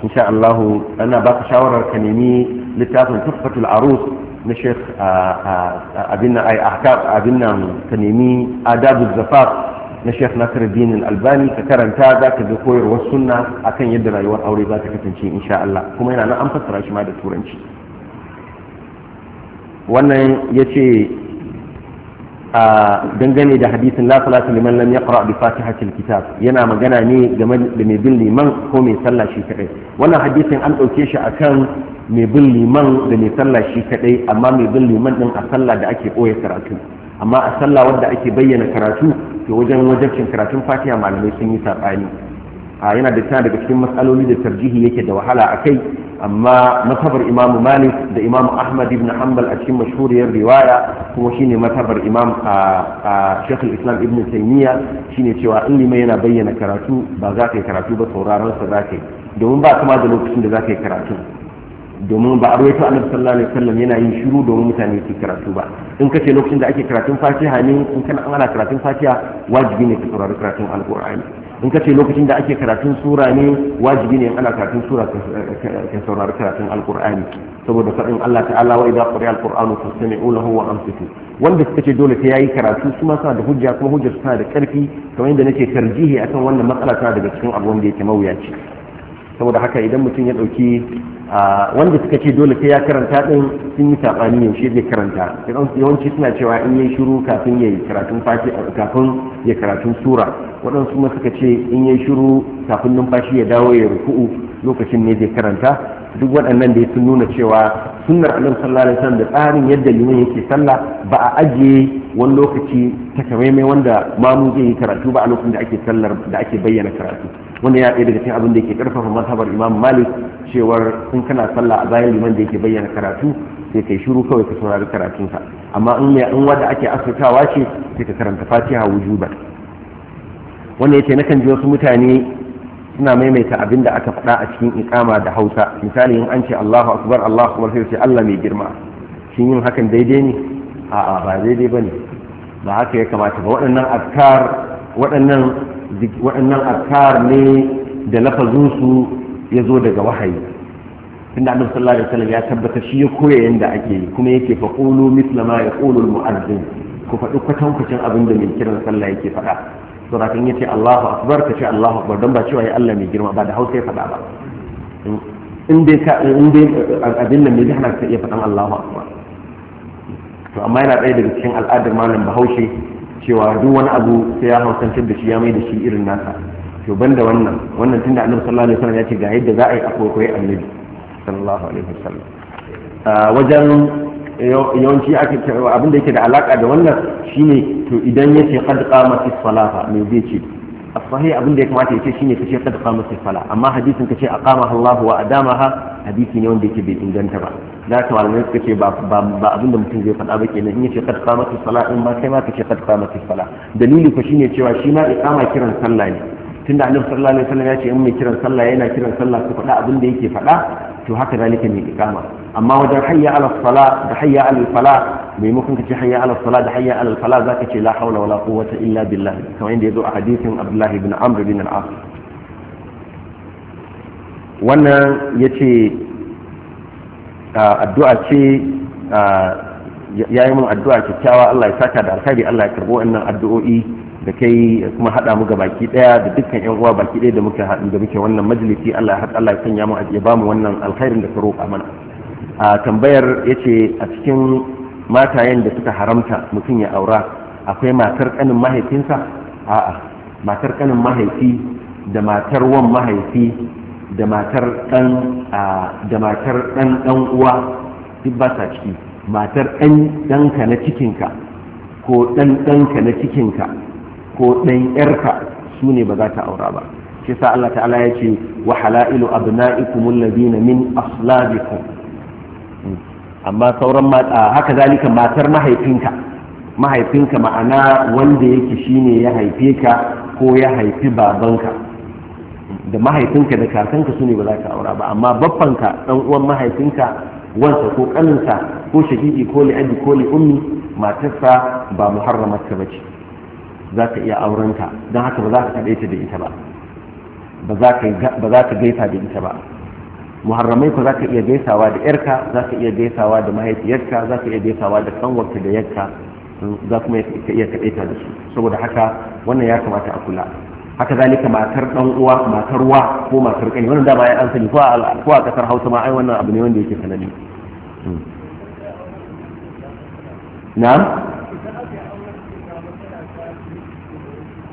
insha Allah ana baka shawarar ka nemi littafin tuffatul arus na Sheikh abin nan ai ahkam abin nan ka nemi adabuz zafaf na Sheikh Nasiruddin Al-Albani ka karanta za ka bi koyarwar sunna akan yadda rayuwar aure za ta kasance insha Allah kuma yana nan an fassara shi ma da turanci wannan ce a dangane da hadisin la salatu liman lam yaqra bi fatihatil kitab yana magana ne game da mai bin liman ko mai sallah shi kadai wannan hadisin an dauke shi akan mai bin liman da mai sallah shi kadai amma mai bin liman din a sallah da ake koyar karatu amma a sallah wanda ake bayyana karatu to wajen wajabcin karatun fatiha malamai sun yi saɓani a yana da tana daga cikin matsaloli da tarjihi yake da wahala a kai amma matabar imamu malik da imamu ahmad ibn hanbal a cikin mashhuriyar riwaya kuma shine matabar imam a shekul islam ibn taymiya shine cewa in lima yana bayyana karatu ba za ka yi karatu ba sauraron sa za ka yi domin ba kuma da lokacin da za ka yi karatu domin ba a rawaito annabi sallallahu alaihi wasallam yana yin shiru domin mutane su karatu ba in kace lokacin da ake karatun fatiha ne in kana ana karatun fatiha wajibi ne ka saurari karatun alqur'ani in kace lokacin da ake karatun sura ne wajibi ne in ana karatun sura ka saurari karatun alqur'ani saboda fadin Allah ta'ala wa idza quriya alqur'anu fastami'u lahu wa ansitu wanda suka ce dole sai yayi karatu su ma sa da hujja kuma hujjar tana da karfi kamar yadda nake tarjihi akan wannan matsala ta daga cikin abu wanda yake mawuyaci saboda haka idan mutum ya ɗauki wanda suka ce dole sai ya karanta din sun yi saɓani yaushe zai karanta yawanci suna cewa in yi shiru kafin ya karatun fashi kafin ya karatun sura waɗansu ma suka ce in yi shiru kafin numfashi ya dawo ya ruku'u lokacin ne zai karanta duk waɗannan da sun nuna cewa sunnar annabi sallallahu alaihi wasallam da tsarin yadda liman yake sallah ba a ajiye wani lokaci takamaimai wanda mamu zai yi karatu ba a lokacin da ake sallar da ake bayyana karatu wanda ya ɗaya daga cikin abin da yake karfafa mazhabar imam malik cewar in kana sallah a bayan liman da yake bayyana karatu sai kai shiru kawai ka saurari karatunsa amma in mai in wanda ake asirtawa ce sai ka karanta fatiha wujuban wannan yake nakan ji wasu mutane suna maimaita abin da aka faɗa a cikin ikama da hausa misali in an ce allahu akbar allahu akbar sai sai allah mai girma shin yin hakan daidai ne a'a ba daidai ba ne ba haka ya kamata ba waɗannan azkar waɗannan waɗannan azkar ne da lafazinsu ya zo daga wahayi inda annabi sallallahu alaihi wasallam ya tabbata shi ya koya yanda ake yi kuma yake fa qulu mithla ma yaqulu al-mu'adhdhin ku faɗi kwatankwacin abin da mai kiran sallah yake faɗa saboda kan ce Allahu akbar ka ce Allahu akbar don ba cewa ya Allah mai girma ba da Hausa ya faɗa ba in dai ka in dai abin nan mai ka iya faɗan Allahu akbar to amma yana ɗaya daga cikin al'adar malam Bahaushe cewa duk wani abu sai ya hausantar da shi ya mai da shi irin nasa to banda wannan wannan tunda annabi sallallahu alaihi wasallam ya ce ga yadda za a yi akwai koyi annabi sallallahu alaihi wasallam wajen yawanci abin da yake da alaka da wannan shine to idan yace qad qamatis salata me zai ce الصحيح أبن ديك معك يتي شيني كشي قد قامت الصلاة أما حديث كشي أقامها الله وأدامها حديث يون ديك بالإنجان تبع لا تعلم كشي با با با أبن دم تنزي قد أبك إن إني قد قامت الصلاة إما كما كشي قد قامت الصلاة دليل كشيني شوى شيما إقامة كيران صلى تunda annabi sallallahu alaihi wasallam ya ce in mai kiran sallah yana kiran sallah ku faɗa abin da yake faɗa to haka zalika ne iqama amma wajen hayya ala sala da hayya ala fala maimakon ka ce hayya ala sala da hayya ala fala zaka ce la hawla wala quwwata illa billah kamar yadda yazo a hadisin abdullahi ibn Amr bin al-As wannan yace ah, addu'a ce ah, yayi mun addu'a kyakkyawa Allah ya saka da alkhairi Allah ya karbo wannan addu'o'i da kai kuma haɗa mu ga baki ɗaya da dukkan yan uwa baki ɗaya da muke haɗu da muke wannan majalisi Allah ya Allah ya sanya mu ya ba mu wannan alkhairin da ka roƙa mana a tambayar yace a cikin matayen da suka haramta mutum ya aura akwai matar kanin mahaifinsa a'a matar kanin mahaifi da matar wan mahaifi da matar ɗan da matar dan dan uwa duk ba sa ciki matar dan ɗanka na cikinka ko ɗan ɗanka na cikinka ko ɗan yarka su ne ba za ta aura ba shi sa Allah ta'ala ya ce wa halailu abna'ikum alladhina min aslabikum amma sauran mata haka zalika matar mahaifinka mahaifinka ma'ana wanda yake shine ya haife ka ko ya haifi babanka da mahaifinka da kakanka su ne ba za ka aura ba amma babbanka ɗan uwan mahaifinka wansa ko kaninsa ko shakiki ko li'adi ko li'ummi matarsa ba muharramarta ba ce za ka iya aurenta don haka ba za ka ta da ita ba ba za ka gaisa da ita ba muharramai ku za ka iya gaisawa da yarka za ka iya gaisawa da mahaifiyarka za ka iya gaisawa da kanwarka da yarka mm, za kuma ka iya ta da su saboda haka wannan ya kamata a kula haka zalika matar dan uwa matar wa ko matar kani wannan dama ya an sani ko a kasar hausa ma ai wannan abu ne wanda yake sanani mm. na'am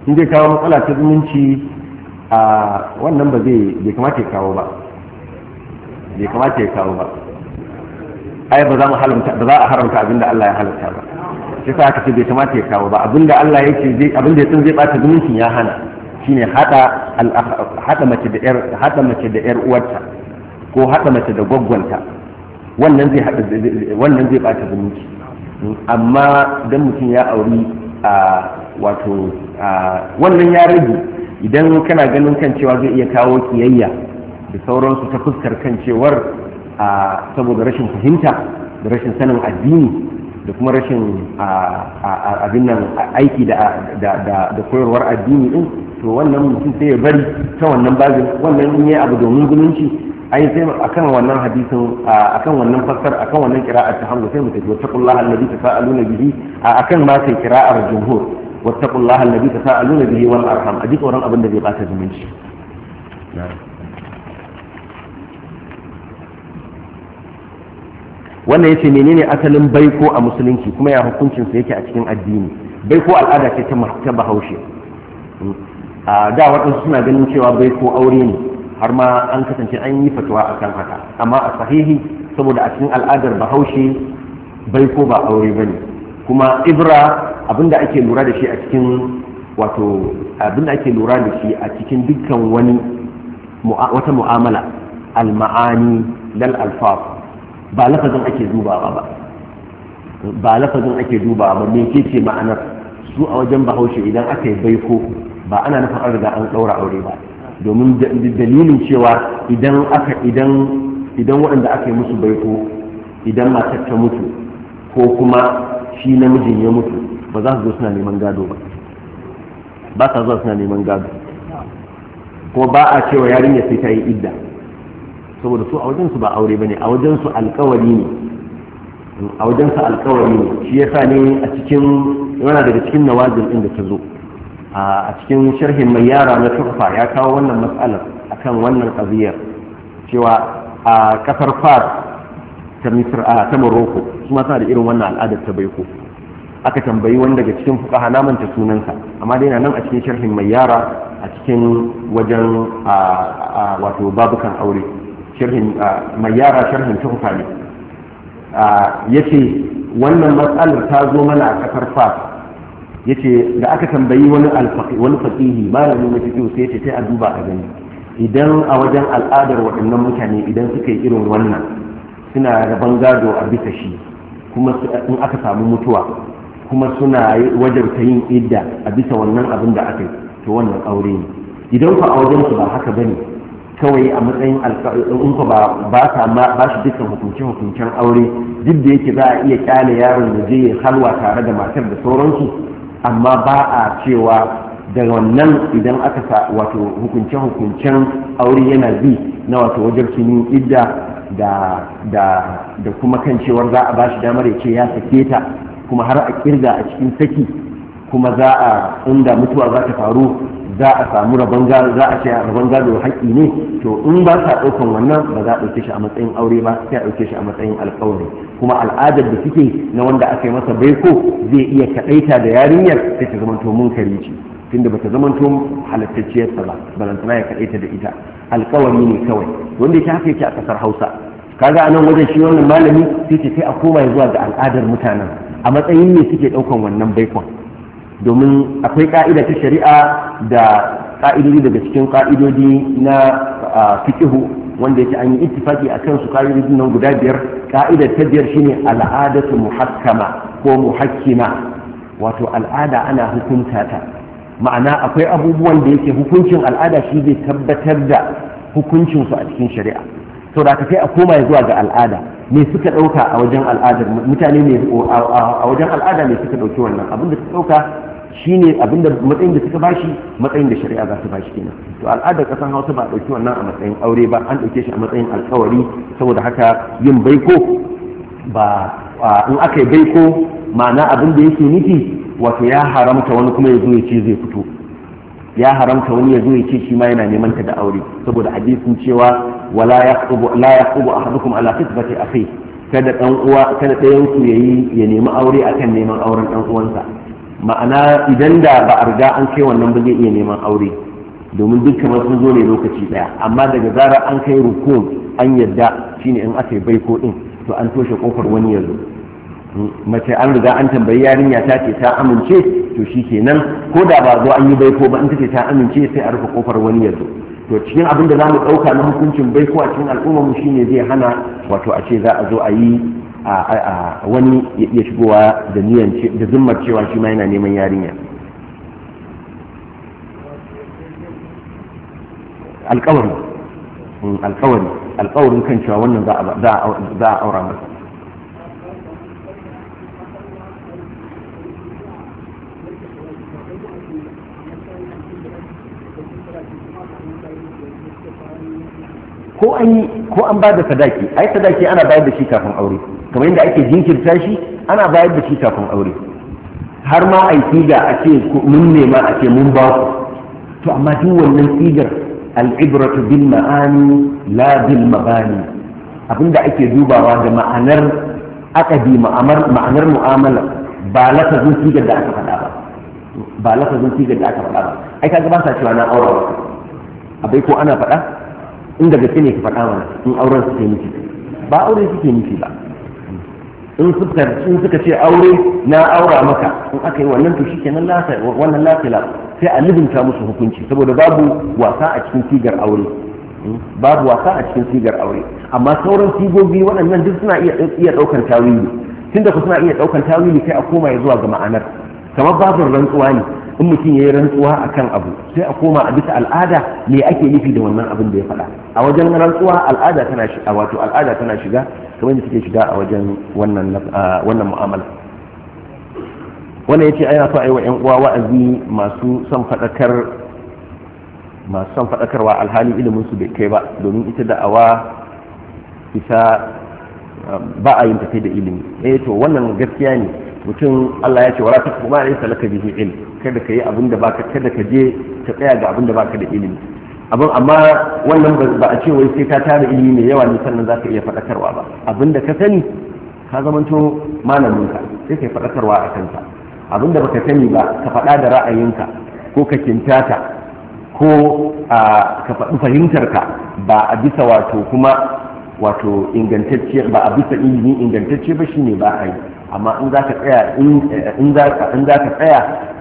in zai kawo matsala ta zumunci a wannan ba zai bai kamata ya kawo ba bai kamata ya kawo ba ai ba za mu haramta ba za a haramta abinda Allah ya halarta ba shi sa aka ce bai kamata ya kawo ba abinda Allah ya ce zai abinda ya tsin zai bata zumuncin ya hana shine hada hada mace da yar hada mace da yar uwarta ko hada mace da gwaggwanta wannan zai hada wannan zai bata zumunci amma dan mutum ya auri a wato wannan ya rage idan kana ganin kan cewa zai iya kawo kiyayya da sauransu ta fuskar kan cewar saboda rashin fahimta da rashin sanin addini da kuma rashin abin nan aiki da koyarwar addini din to wannan mutum sai ya bari ta wannan bazin wannan in yi abu domin zumunci ai sai akan wannan hadisin akan wannan fassar akan wannan kira'ar ta hango sai mu tafi wata kullu allazi tasaaluna bihi akan ma sai kira'ar jumhur واتقوا الله الذي تساءلون به والأرحم أجيك ورم أبن الذي بات زمنش wannan yace menene asalin baiko a musulunci kuma ya hukuncin sa yake a cikin addini baiko al'ada ce ta bahaushe a da waɗansu suna ganin cewa baiko aure ne har ma an kasance an yi fatuwa a kan haka amma a sahihi saboda a cikin al'adar bahaushe baiko ba aure ba ne kuma ibra abinda ake lura da shi a cikin wato abinda ake lura da shi a cikin dukkan wani wata mu'amala al-ma'ani lal alfaf ba lafazin ake dubawa ba ba lafazin ake dubawa ba me ke ce ma'anar su a wajen bahaushe idan aka yi baiko ba ana nufin an riga an ɗaura aure ba domin dalilin cewa idan aka idan idan waɗanda aka yi musu baiko idan matar ta mutu ko kuma shi namijin ya mutu ba za su zo suna neman gado ba ba sa zuwa suna neman gado ko ba a cewa ya sai ta yi idda saboda su a wajensu ba aure ne a wajensu alkawari ne a wajensu alkawari ne shi yasa ne a cikin yana daga cikin nawazin din da ta zo a cikin sharhin mai yara na turfa ya kawo wannan matsalar akan wannan kaziyar cewa a kasar fas ta misir a ta morocco su ma da irin wannan al'adar ta baiko aka tambayi wani daga cikin fuka na manta sunansa amma dai na nan a cikin sharhin mai yara a cikin wajen wato babukan aure mai yara sharhin ta tuhfa ne Ya ce wannan matsalar ta zo mana a kasar fas ya ce da aka tambayi wani alfaqi wani faqihi malamin mafiqi sai ta sai a duba a gani idan a wajen al'adar waɗannan mutane idan suka yi irin wannan suna rabon gado a bisa shi kuma in aka samu mutuwa kuma suna wajarta yin idda a bisa wannan abin da aka yi to wannan aure ne idan ku auren su ba haka bane kawai a matsayin in ku ba sa ma ba shi duka hukunce hukuncen aure duk da yake za a iya kyale yaron da je ya halwa tare da matar da sauransu amma ba a cewa da wannan idan aka sa wato hukunce hukuncen aure yana bi na wato wajarcin yin idda da kuma kan cewar za a ba shi damar ya ce ya sake ta kuma har a kirga a cikin saki kuma za a inda mutuwa za ta faru za a samu rabon gado za a ce rabon gado haƙƙi ne to in ba sa ɗaukan wannan ba za a ɗauke shi a matsayin aure ba sai a ɗauke shi a matsayin alƙawari kuma al'adar da suke na wanda aka yi masa baiko zai iya kaɗaita da yarinyar sai ta zama to munkari ce tunda bata zamanto halattacciyar ba balantana ya kaɗe ta da ita alkawari ne kawai wanda yake haka yake a ƙasar hausa kaga anan wajen shi wannan malami sai ce kai a koma zuwa ga al'adar mutanen a matsayin ne suke ɗaukan wannan baikon domin akwai ƙa'ida ta shari'a da ƙa'idodi daga cikin ƙa'idodi na fiƙihu wanda yake an yi ittifaki a kan su ka'idodi nan guda biyar ka'idar ta biyar shine al'adatu muhakkama ko muhakkima wato al'ada ana hukunta ta ma'ana akwai abubuwan da yake hukuncin al'ada shi zai tabbatar da hukuncinsu a cikin shari'a to da sai a koma zuwa ga al'ada me suka ɗauka a wajen al'ada mutane ne a wajen al'ada ne suka ɗauki wannan abin da suka ɗauka shine abin matsayin da suka bashi matsayin da shari'a za su bashi kenan to al'adar kasan hausa ba a ɗauki wannan a matsayin aure ba an ɗauke shi a matsayin alkawari saboda haka yin baiko ba in aka yi baiko ma'ana abin da yake nufi wato ya haramta wani kuma ya zo ya ce zai fito ya haramta wani ya zo ya ce shi ma yana neman ta da aure saboda hadisin cewa wala yaqubu la yaqubu ahadukum ala kisbati akhi kada dan uwa kada ɗayan ku yayi ya nemi aure akan neman auren dan uwansa ma'ana idan da ba a riga an kai wannan ba zai iya neman aure domin duk kamar sun zo ne lokaci daya amma daga zarar an kai rukun an yadda shine in aka yi ko din to an toshe kofar wani ya zo mace an riga an tambayi yarinya ta ce ta amince to shi kenan ko da ba zo an yi baiko ba in ce ta amince sai a rufe kofar wani ya to cikin abin da za mu ɗauka na hukuncin baiko a cikin al'ummar mu shine zai hana wato a ce za a zo a yi wani ya shigowa da niyan da zimmar cewa shi ma yana neman yarinya alƙawari mm, alƙawari alƙawarin kan cewa wannan za a aura masa ko an yi ko an ba da sadaki ai sadaki ana bayar da shi kafin aure kamar yadda ake jinkirta shi ana bayar da shi kafin aure har ma ai siga a ce mun nema a ce mun ba ku to amma duk wannan sigar al'ibratu bil ma'ani la bil mabani abinda ake dubawa da ma'anar akadi ma'anar mu'amala ba lafazin sigar da aka faɗa ba ba lafazin sigar da aka faɗa ba ai kaga ba sa cewa na aura abai ko ana faɗa in daga ne ka faɗa mana in auren suke miki ba aure suke miki ba in suka in suka ce aure na aura maka in aka yi wannan to shikenan lafa wannan la sai a libinta musu hukunci saboda babu wasa a cikin sigar aure babu wasa a cikin sigar aure amma sauran sigogi waɗannan duk suna iya daukar tawili tunda ku suna iya daukar tawili sai a koma zuwa ga ma'anar kamar babin rantsuwa ne in mutum ya yi rantsuwa a kan abu sai a koma a bisa al'ada me ake nufi da wannan abin da ya faɗa a wajen rantsuwa al'ada tana shiga wato al'ada tana shiga kamar da take shiga a wajen wannan wannan mu'amala wannan yace ana so a yi wa 'yan uwa wa'azi masu son faɗakar masu son faɗakarwa alhali ilimin su bai kai ba domin ita da'awa isa ba a yin tafi da ilimi eh to wannan gaskiya ne mutum Allah ya ce wa ta kuma yi salaka bihi ilm kada ka yi abin da baka kada ka je ka tsaya ga abin da baka da ilimi abin amma wannan ba a ce wai sai ka tara ilimi mai yawa ne sannan za ka iya faɗakarwa ba abin da ka sani ka zamanto malamin ka sai kai faɗakarwa a kanta abin da baka sani ba ka faɗa da ra'ayinka ko ka kintata ko ka faɗi ka ba a bisa wato kuma wato ingantacce ba a bisa ilimin ingantacce ba shine ba a yi amma in za ka tsaya in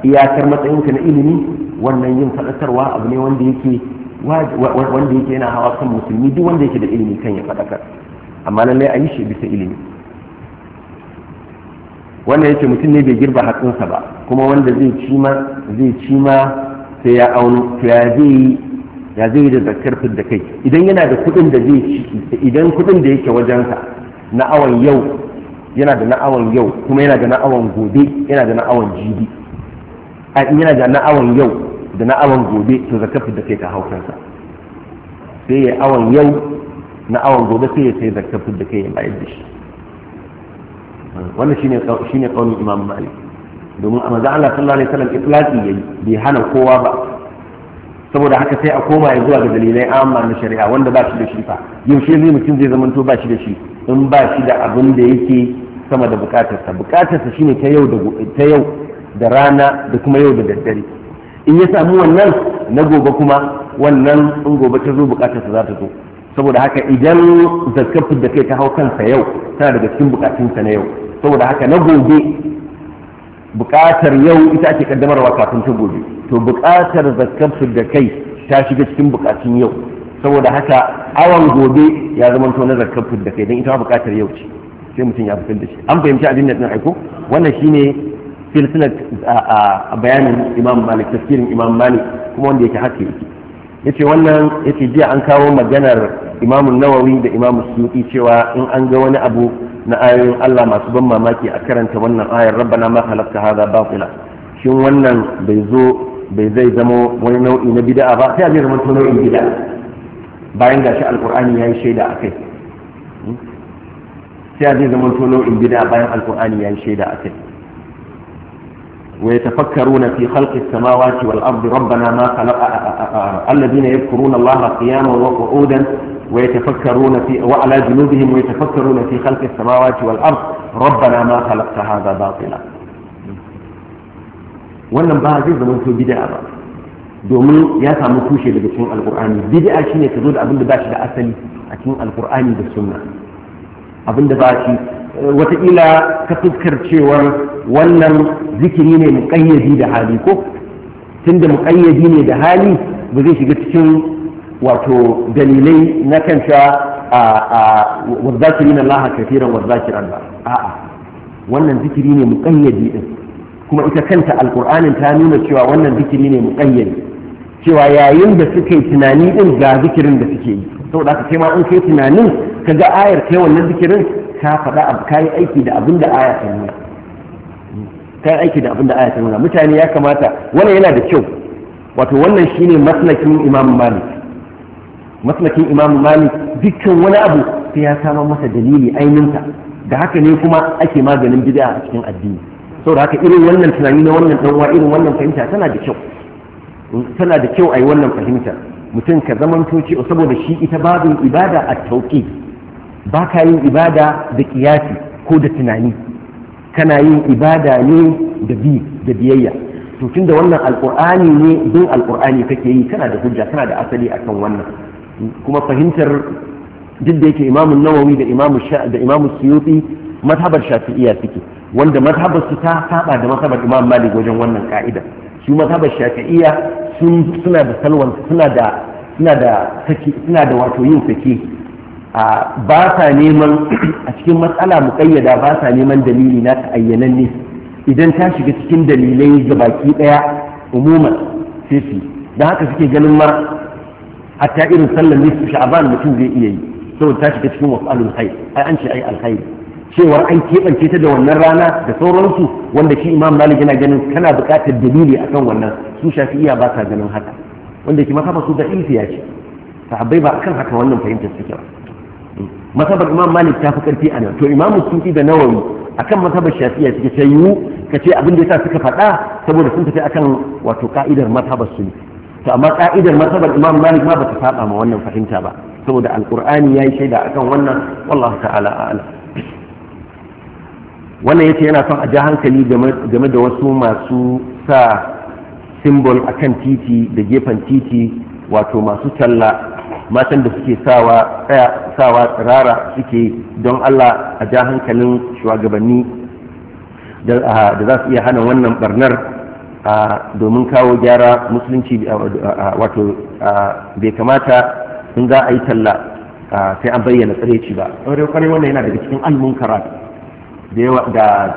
iyakar matsayinka na ilimi wannan yin faɗakarwa abu ne wanda yake yana hawa kan musulmi duk wanda yake da ilimi kan ya faɗakar amma lallai a yi shi bisa ilimi wannan yake mutum ne bai girba hatsinsa ba kuma wanda zai ci ma zai ci ma sai ya auno to ya zai yi ya zai yi da zakar da kai idan yana da kuɗin da zai ci idan kuɗin da yake wajensa na awan yau yana da na'awan yau kuma yana da na'awan gobe yana da na'awan jibi a yana da na'awan yau da na'awan gobe to zakar da kai ka hau kansa sai ya awan yau na awan gobe sai ya sai zakar da kai ya bayar da shi wannan shine shine kaunin imam malik domin a manzo Allah sallallahu alaihi wasallam itlaqi yayi bai hana kowa ba saboda haka sai a koma ya zuwa ga dalilai amma na shari'a wanda ba shi da shi fa shi zai mutum zai zamanto ba shi da shi in ba shi da abin da yake sama da bukatarsa bukatarsa shine ta yau da ta yau da rana da kuma yau da daddare in ya samu wannan na gobe kuma wannan in gobe ta zo bukatarsa za ta zo saboda haka idan zakar da kai ta hau kansa yau tana daga cikin bukatunsa na yau saboda haka na gobe bukatar yau ita ake kaddamarwa kafin ta gobe to bukatar zakar da kai ta shiga cikin bukatun yau saboda haka awan gobe ya zama to na zakar da kai dan ita bukatar yau ce sai mutum ya fitar da shi an fahimci abin da ɗin aiko wannan ne ne a bayanin imam malik tafsirin imam malik kuma wanda yake haka yake ce wannan ya ce jiya an kawo maganar imamun nawawi da imam suyuti cewa in an ga wani abu na ayoyin Allah masu ban mamaki a karanta wannan ayar rabbana ma khalaqta hadha bafila shin wannan bai zo bai zai zama wani nau'i na bida'a ba sai a zai zama nau'in bida'a bayan gashi ya yi shaida a kai. سيادة زمن تونو انبداء بيان القرآن ينشيد أكد ويتفكرون في خلق السماوات والأرض ربنا ما خلق الذين يذكرون الله قياما وقعودا ويتفكرون في وعلى جنوبهم ويتفكرون في خلق السماوات والأرض ربنا ما خلقت هذا باطلا wannan ba zai zama to bid'a ba domin ya samu tushe daga cikin alqur'ani bid'a shine ta zo da abin da abin da ba shi wataƙila ka fuskar cewar wannan zikiri ne muƙayyadi da hali ko tun da muƙayyadi ne da hali ba zai shiga cikin wato dalilai na kanta a wazakirin laha kafiran wazakiran ba a'a wannan zikiri ne muƙayyadi din kuma ita kanta alƙur'anin ta nuna cewa wannan zikiri ne muƙayyadi cewa yayin da suka yi tunani din ga zikirin da suke yi saboda haka kai ma in kai tunanin ka ga ayar kai wannan zikirin ka faɗa abu ka yi aiki da abin da aya ta nuna ka yi aiki da abin da aya ta nuna mutane ya kamata wannan yana da kyau wato wannan shine maslakin imam malik maslakin imam malik dukkan wani abu sai ya samar masa dalili ta, da haka ne kuma ake maganin bid'a a cikin addini saboda haka irin wannan tunani na wannan ɗanwa irin wannan fahimta tana da kyau tana da kyau a yi wannan fahimta mutum ka zamanto saboda shi ita babin ibada a tauƙi ba ka yin ibada da kiyasi ko da tunani kana yin ibada ne da bi da biyayya to tunda wannan alƙur'ani ne don alƙur'ani kake yi kana da hujja kana da asali akan wannan kuma fahimtar duk da yake imamun nawawi da imamu da imamu suyuti mazhabar shafi'iyya suke wanda mazhabar su ta saba da mazhabar imam malik wajen wannan ka'ida su mazhabar shafi'iyya suna da suna da suna da saki suna da wato yin sake a ba sa neman a cikin matsala muƙayyada ba sa neman dalili na ta ayyananne idan ta shiga cikin dalilai ga baki ɗaya umuman sai su don haka suke ganin ma hatta irin sallar nisu sha'aban mutum zai iya yi saboda ta shiga cikin wasu alul ai an ce ai alkhairi cewar an keɓance ta da wannan rana da sauransu wanda shi imam malik yana ganin kana buƙatar dalili akan wannan su shafi'iya ba sa ganin haka wanda ke masaba su da ilfiya ce sahabbai ba akan haka wannan fahimtar suke ba masabar imam malik ta fi karfi a nan to imam sufi da nawawi akan masabar shafi'iya suke ta yiwu ka ce abin da sa suka faɗa saboda sun tafi akan wato ka'idar masabar su to amma ka'idar masabar imam malik ma ba ta saba ma wannan fahimta ba saboda alqur'ani yayi shaida akan wannan wallahu ta'ala a'lam wannan yake yana son a ja hankali game da wasu masu sa simbol a kan titi da gefen titi wato masu talla matan da suke sawa tsirara suke don allah a ja hankalin shugabanni da za su iya hana wannan barnar domin kawo gyara musulunci wato bai kamata in za a yi talla sai an bayyana tsareci ba. Ƙwarai wannan yana daga cikin karatu. da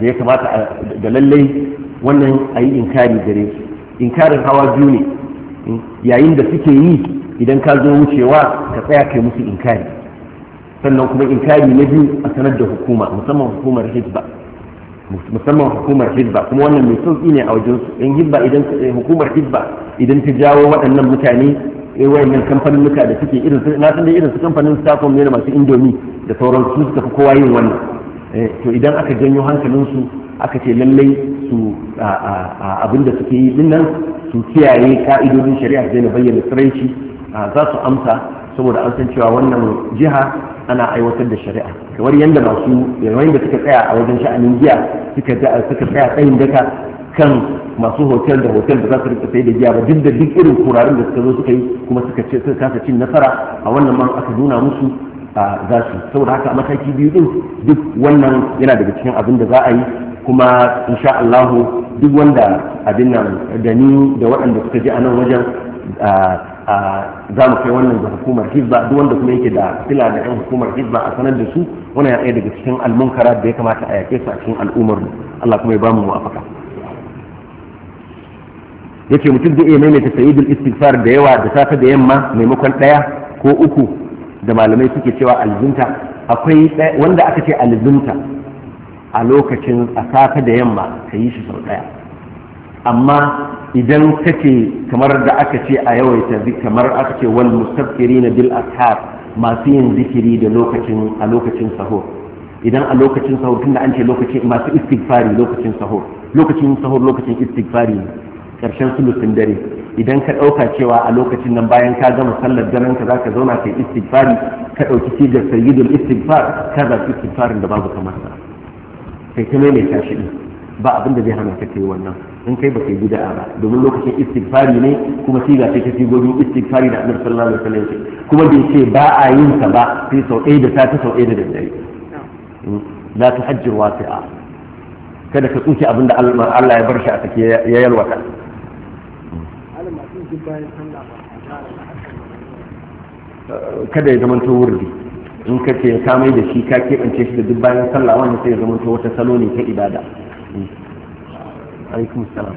ya kamata da lallai wannan a yi inkari gare su inkarin hawa biyu ne yayin da suke yi idan ka zo wucewa ka tsaya kai musu inkari sannan kuma inkari na biyu a sanar da hukuma musamman hukumar hizba musamman hukumar hizba kuma wannan mai sauki ne a wajen su in hizba idan eh, hukumar hizba idan ta jawo waɗannan mutane eh nan kamfanin muka da suke irin na san dai irin su kamfanin Stockholm ne masu Indomie da sauran su suka fi kowa yin wannan Eh, to idan aka janyo hankalinsu aka ce lallai su abinda suke yi dinnan su kiyaye ka'idodin shari'a zai na bayyana tsiraici za su amsa saboda an san cewa wannan jiha ana aiwatar da shari'a kamar yadda masu yayin da suka tsaya a wajen sha'anin giya suka tsaya tsayin daka kan masu hotel da hotel da za su rika sai da giya ba duk da duk irin kurarin da suka zo suka yi kuma suka suka kasa cin nasara a wannan ma aka nuna musu za su saboda haka mataki biyu din duk wannan yana daga cikin abin da za a yi kuma insha Allah duk wanda abin nan da ni da waɗanda suka ji a nan wajen za mu kai wannan ga hukumar hizba duk wanda kuma yake da fila da yan hukumar hizba a sanar da su wannan yana daga cikin almunkara da ya kamata a yaƙe su a cikin al'ummar mu Allah kuma ya ba mu mu'afaka yace mutum zai iya maimaita sayyidul istighfar da yawa da safe da yamma maimakon ɗaya ko uku da malamai suke cewa alzimta akwai wanda aka ce alzimta a lokacin a safe da yamma ka yi shi sau ɗaya amma idan kake kamar da aka ce a yawaita kamar aka ce wal na bil ashab masu yin zikiri da lokacin a lokacin saho idan a lokacin sahur tunda an ce lokacin masu istighfari lokacin saho lokacin sahur lokacin istighfari karshen sulusin dare idan ka ɗauka cewa a lokacin nan bayan ka gama sallar daren ka zaka zauna kai istighfari ka ɗauki sigar sayyidul istighfar ka zaɓi istighfarin da babu kamar sa kai ta maimaita shi ba abin da zai hana ka kai wannan in kai ba kai bid'a ba domin lokacin istighfari ne kuma siga sai ta sigogin istighfari da annabi sallallahu alaihi wasallam kuma bai ce ba a yin sa ba sai sau ɗaya da safe sau ɗaya da daddare la tuhajjir wasi'a kada ka tsuke abin da Allah ya bar shi a take ya yalwata kada ya zamanto wurdi in ka ce ka mai da shi ka keɓance shi da duk bayan sallah wanda sai ya zamanto wata salo ne ta ibada alaikum salam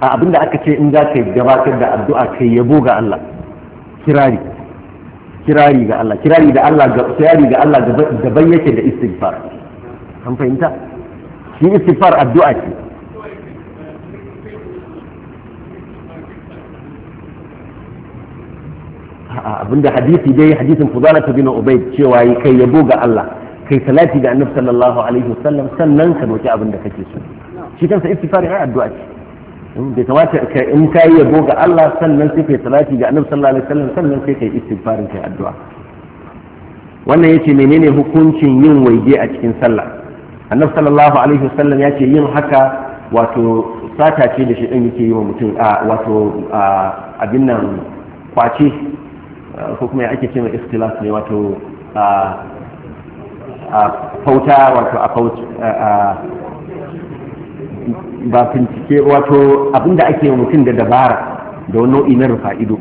a abinda aka ce in za ka gabatar da addu'a kai yabo ga Allah kirari kirari ga Allah kirari da Allah ga kirari ga Allah daban yake da istighfar an fahimta shi istighfar addu'a ce abinda hadisi dai hadisin fudala ta bin ubayd cewa kai yabo ga Allah kai salati ga annabi sallallahu alaihi wasallam sannan ka doki abinda kake so shi kansa istighfar ai addu'a ce bai kamata ka in ka yi yabo ga Allah sannan sai kai salati ga annabi sallallahu alaihi wasallam sannan sai kai istighfarin kai addu'a wannan yace menene hukuncin yin waige a cikin sallah annabi sallallahu alaihi wasallam yace yin haka wato sata ce da shi din yake yi wa mutum a wato abin nan kwace ko kuma ya ake cewa istilas ne wato a fauta wato a fauta ba bincike wato abinda ake yi mutum da dabara da wani nau'i na rufa ido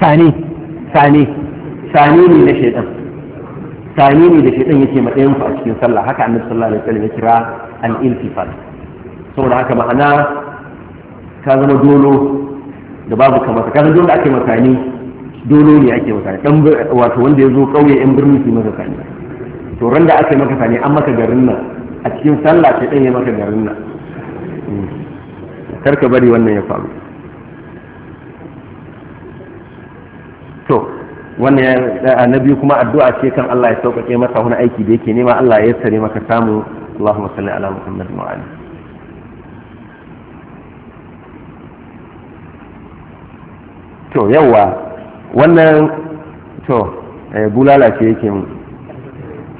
Sani, Sani sani ne na shaidan Sani ne da shaidan yake matsayin ku a cikin sallah haka annabi sallallahu alaihi wasallam ya kira al iltifat saboda haka ma'ana ka zama dolo da babu kamata ka zama dolo ake masani dolo ne ake masani dan wato wanda ya zo kauye yan birni su maka sani to randa ake maka sani an maka garin nan a cikin sallah sai dan ya maka garin nan Mm. karka bari wannan ya faru to wannan na biyu kuma addu'a ce kan Allah ya sauƙaƙe masa wani aiki da yake nema Allah ya tsare maka samu Allahumma salli ala Muhammad wa ali to yawa wannan to eh, bulala ce yake mu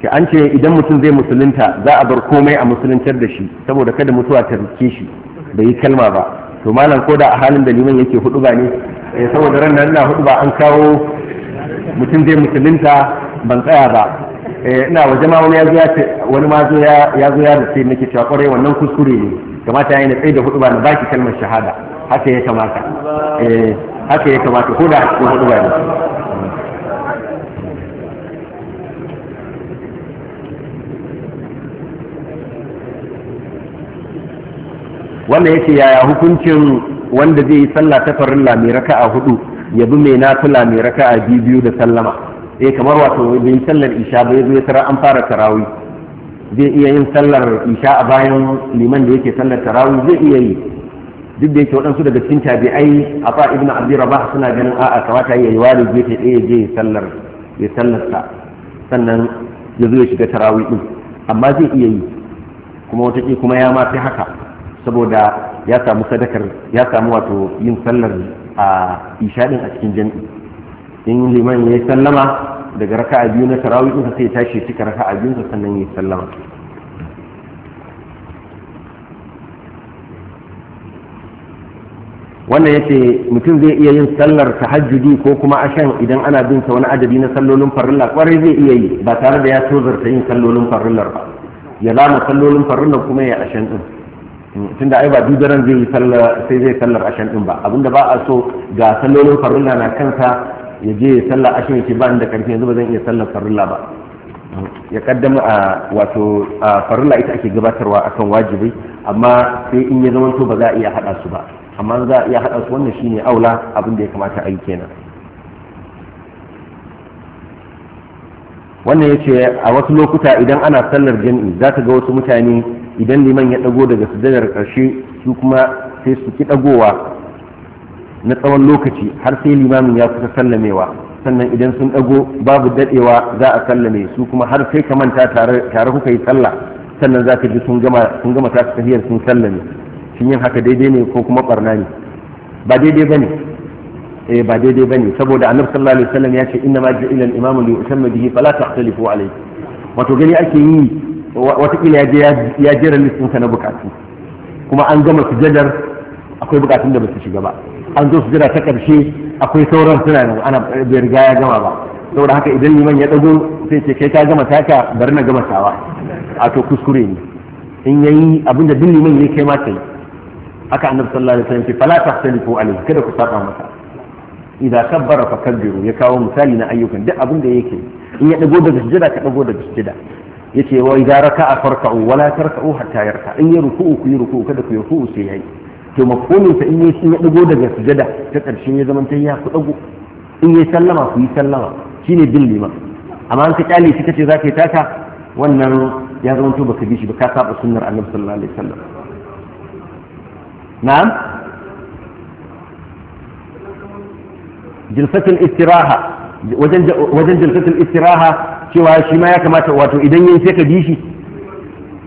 shi an ce idan mutum zai musulunta za a bar komai a musuluntar da shi saboda kada mutuwa ta rike shi bai yi kalma ba to malam ko da a halin da liman yake hudu ba ne eh, saboda ran nan na hudu ba an kawo mutum zai musulunta ban tsaya ba eh, ina waje ma wani ya zo ya ce wani ma zo ya zo ya rufe nake cewa kware wannan kuskure ne kamata ya yi na tsaye da hudu ba na baki kalmar shahada haka ya kamata eh, haka ya kamata ko da hudu ba ne wannan yake yaya hukuncin wanda zai yi sallah ta farilla mai raka'a hudu ya bi mai nafila mai raka'a biyu biyu da sallama eh kamar wato bai sallar isha ba zai ya tara an fara tarawi. zai iya yin sallar isha a bayan liman da yake sallar tarawi? zai iya yi duk da yake waɗansu daga cikin tabi'ai a fa ibnu abdi rabah suna ganin a'a kamata yi wani ta ɗaya je sallar ya sallar sa sannan ya zo ya shiga tarawi din amma zai iya yi kuma wata kuma ya ma fi haka saboda ya samu sadakar ya samu wato yin sallar a ishaɗin a cikin jam'i in liman ya yi sallama daga raka a biyu na tarawih ɗinsa sai ya tashi ya cika raka'a sa sannan ya yi sallama wannan yace mutum zai iya yin sallar tahajjudi ko kuma ashan idan ana bin sa wani adadi na sallolin farilla kwarai zai iya yi ba tare da ya tozarta yin sallolin farillar ba ya lama sallolin farillar kuma ya ashan din tunda ai ba dudaran zai yi sallar sai zai sallar ashan din ba abinda ba a so ga sallolin farilla na kansa ya je ya sallar ashan yake ba da karfi yanzu ba zan iya sallar farilla ba ya kaddama a wato farilla ita ake gabatarwa akan wajibi amma sai in ya zamanto ba za a iya hada su ba amma za a iya hada su wannan shine aula abin da ya kamata a yi kenan wannan yace a wasu lokuta idan ana sallar jami'i za ta ga wasu mutane idan liman ya dago daga sujadar karshe su kuma sai su ki dagowa na tsawon lokaci har sai limamin ya kusa sallamewa sannan idan sun dago babu dadewa za a sallame su kuma har sai ka manta tare kuka yi sallah sannan za ka ji sun gama sun gama ta tafiyar sun sallame shin yin haka daidai ne ko kuma barna ne ba daidai bane eh ba daidai bane saboda annabi sallallahu alaihi wasallam ya ce inna ma ja'ila al-imamu li yutamma bihi fala tahtalifu alayhi wato gani ake yi watakila ya je ya jera listinsa na bukatu kuma an gama sujadar akwai bukatun da ba su shiga ba an zo sujada ta karshe akwai sauran suna nan ana bai riga ya gama ba saboda haka idan liman ya dago sai ce kai ka gama taka bari na gama tawa a to kuskure ne in yayi abinda duk liman ya kai ma kai haka annabi sallallahu alaihi wasallam ce fala tahtalifu alaihi kada ku saba masa idan kabbara fa kabbiru ya kawo misali na ayyukan duk abin da yake in ya dago daga sujada ka dago daga sujada يتي وإذا ركع فركعوا ولا تركعوا حتى يركع إن يركعوا كي يركعوا كذا كي يركعوا سيهي كي مفهوم فإن يسمع نقودا يسجد تتر شيني زمن تيها كتبو إن يسلم كي يسلم شيني بلي ما أما أنت تالي تتر ذاك تاكا وأنه يهذا من توبك بيش بكاتب سنة النبي صلى الله عليه وسلم نعم جلسة الاستراحة وزن جلسة الاستراحة cewa shi ma ya kamata wato idan yayi sai ka bi shi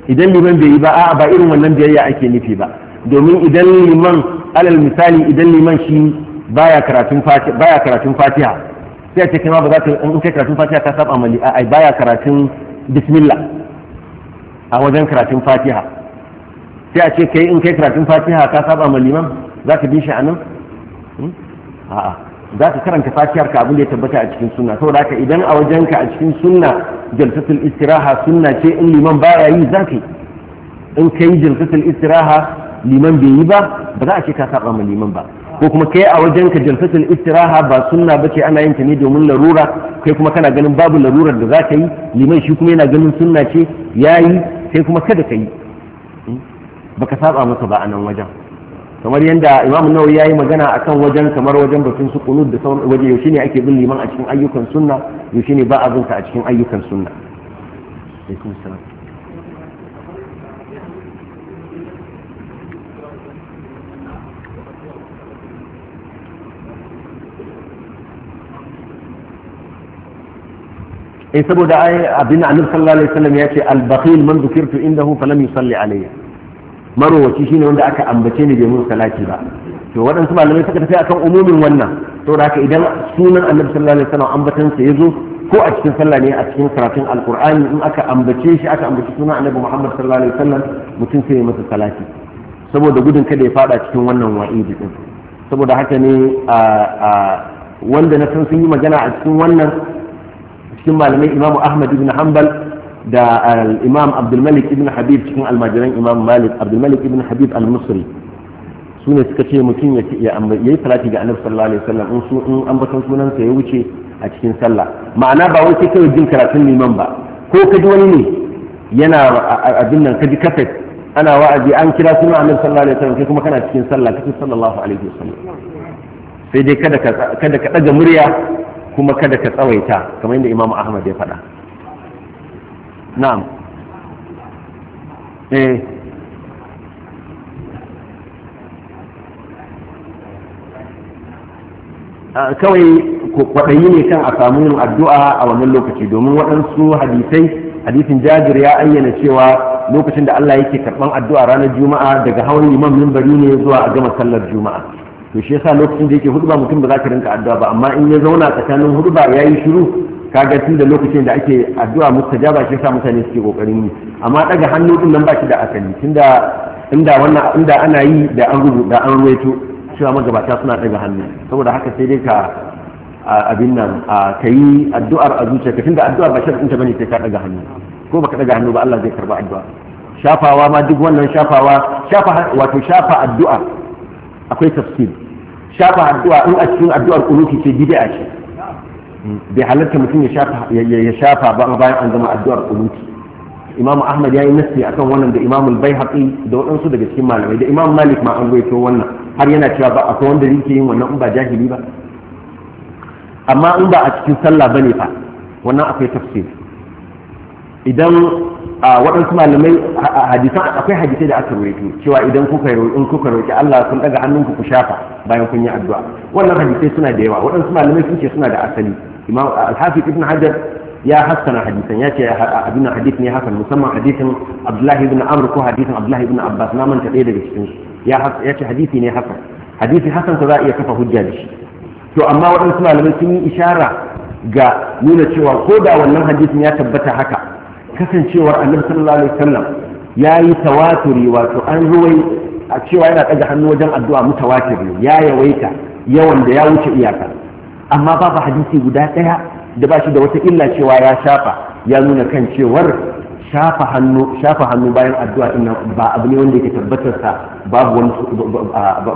idan liman bai yi ba a'a ba irin wannan biyayya ake nufi ba domin idan liman alal misali idan liman shi baya karatun fatiha baya karatun fatiha sai ce kai kima ba za ka in kai karatun fatiha ka saba amali a'a baya karatun bismillah a wajen karatun fatiha sai a ce kai in kai karatun fatiha ka saba amali man za ka bi shi anan hmm? a'a za ka karanta fatiyar ka abin da ya tabbata a cikin sunna saboda haka idan a wajenka a cikin sunna jalsatul istiraha sunna ce in liman baya yi za ka yi in ka yi jalsatul istiraha liman bai yi ba ba za a ce ka saba ma liman ba ko kuma kai a wajenka ka jalsatul istiraha ba sunna ce ana yin ta ne domin larura kai kuma kana ganin babu larurar da za ka yi liman shi kuma yana ganin sunna ce yayi kai kuma kada ka yi hmm? baka saba masa ba a nan wajen kamar yadda imam nawa ya yi magana a kan wajen kamar wajen batun su kunu da sauran waje yaushe ne ake bin liman a cikin ayyukan sunna yaushe ne ba a bin a cikin ayyukan sunna eh saboda ai abin annabi sallallahu alaihi wasallam ya ce al-bakhil man dhukirtu indahu falam yusalli alayya marowaci shine wanda aka ambace ne bai mun salati ba to waɗansu malamai suka tafi akan umumin wannan to da idan sunan annabi sallallahu alaihi wasallam ambatan sa yazo ko a cikin sallah ne a cikin karatun alqur'ani in aka ambace shi aka ambaci sunan annabi muhammad sallallahu alaihi wasallam mutum sai ya masa salati saboda gudun kada ya fada cikin wannan wa'idi din saboda haka ne a wanda na san sun yi magana a cikin wannan cikin malamai imamu ahmad ibn hanbal da al-imam ah, abdulmalik ibn habib cikin almajiran imam malik abdulmalik ibn habib al musri su ne suka ce mutum ya yi salati ga annabi sallallahu alaihi wasallam in su in ambaton sunansa ya wuce a cikin sallah ma'ana ba wai kai jin karatun liman ba ko ka ji wani ne yana abin nan ka ji kafet ana wa'azi an kira sunan annabi sallallahu alaihi wasallam kai kuma kana cikin sallah kake sallallahu alaihi wasallam sai dai kada ka kada ka daga murya kuma kada ka tsawaita kamar yadda imam ahmad ya faɗa na'am ايه eh. kawai kwaɗayi ne kan a samu yin addu'a a wannan lokaci domin waɗansu hadisai hadisin jajir ya ayyana cewa lokacin da Allah yake karɓan addu'a ranar juma'a daga hawan liman mimbari ne zuwa a gama sallar juma'a to shi yasa lokacin da yake ba mutum ba za ka rinka addu'a ba amma in ya zauna tsakanin ba ya yi shiru kaga tun da lokacin da ake addu'a mustajaba shi sa mutane suke kokarin yi amma daga hannu din nan ba shi da asali tunda inda wannan inda ana yi da an rubuta an ruwaito cewa magabata suna daga hannu saboda haka sai dai ka abin nan ka yi addu'ar a zuciya Ka tunda addu'ar ba shi ta bane sai ka daga hannu ko baka daga hannu ba Allah zai karba addu'a shafawa ma duk wannan shafawa shafa wato shafa addu'a akwai tafsir shafa addu'a in a cikin addu'ar kunuki ce bid'a ce bai halarta mutum ya shafa ba bayan an zama addu'ar kunuti imam ahmad ya yi nasi akan wannan da imam bai haƙi da waɗansu daga cikin malamai da imam malik ma an gwaito wannan har yana cewa ba akwai wanda yake yin wannan in ba jahili ba amma in ba a cikin sallah ba ne fa wannan akwai tafsir idan a waɗansu malamai hadisan akwai hadisai da aka rawaito cewa idan kuka roƙi in kuka roƙi Allah kun daga hannunku ku shafa bayan kun yi addu'a wannan hadisai suna da yawa waɗansu malamai sun ce suna da asali imam al-hafiz ibn hajar ya hassana hadisan ya ce abin hadith ne hasan musamman hadisin abdullahi ibn amr ko hadisin abdullahi ibn abbas na manta ɗaya daga cikin ya ce hadisi ne hasan hadisi hasan ko za a iya kafa hujja da shi to amma waɗansu malamai sun yi ishara ga nuna cewa ko da wannan hadisin ya tabbata haka kasancewar annabi sallallahu alaihi wasallam ya yi tawaturi wato an ruwai a cewa yana ɗaga hannu wajen addu'a mutawatiri ya yawaita yawan da ya wuce iyaka amma babu hadisi guda ɗaya da ba shi da wata illa cewa ya shafa ya nuna kan cewar shafa hannu bayan addu'a ina ba abu ne wanda yake tabbatar sa babu wani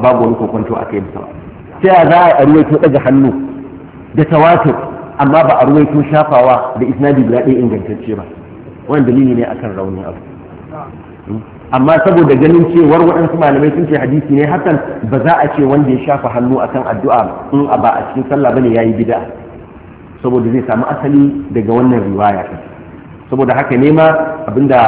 babu wani kokonto a kai ba sai za a ruwaito daga hannu da tawatur amma ba a ruwaito shafawa da isnadi guda ɗaya ingantacce ba wannan dalili ne akan raunin abu hmm? amma saboda ganin cewar waɗansu malamai sun ce hadisi ne hasan ba za a ce wanda ya shafa hannu akan addu'a in a ba a cikin sallah bane yayi bid'a saboda zai samu asali daga wannan riwaya saboda haka ne ma abinda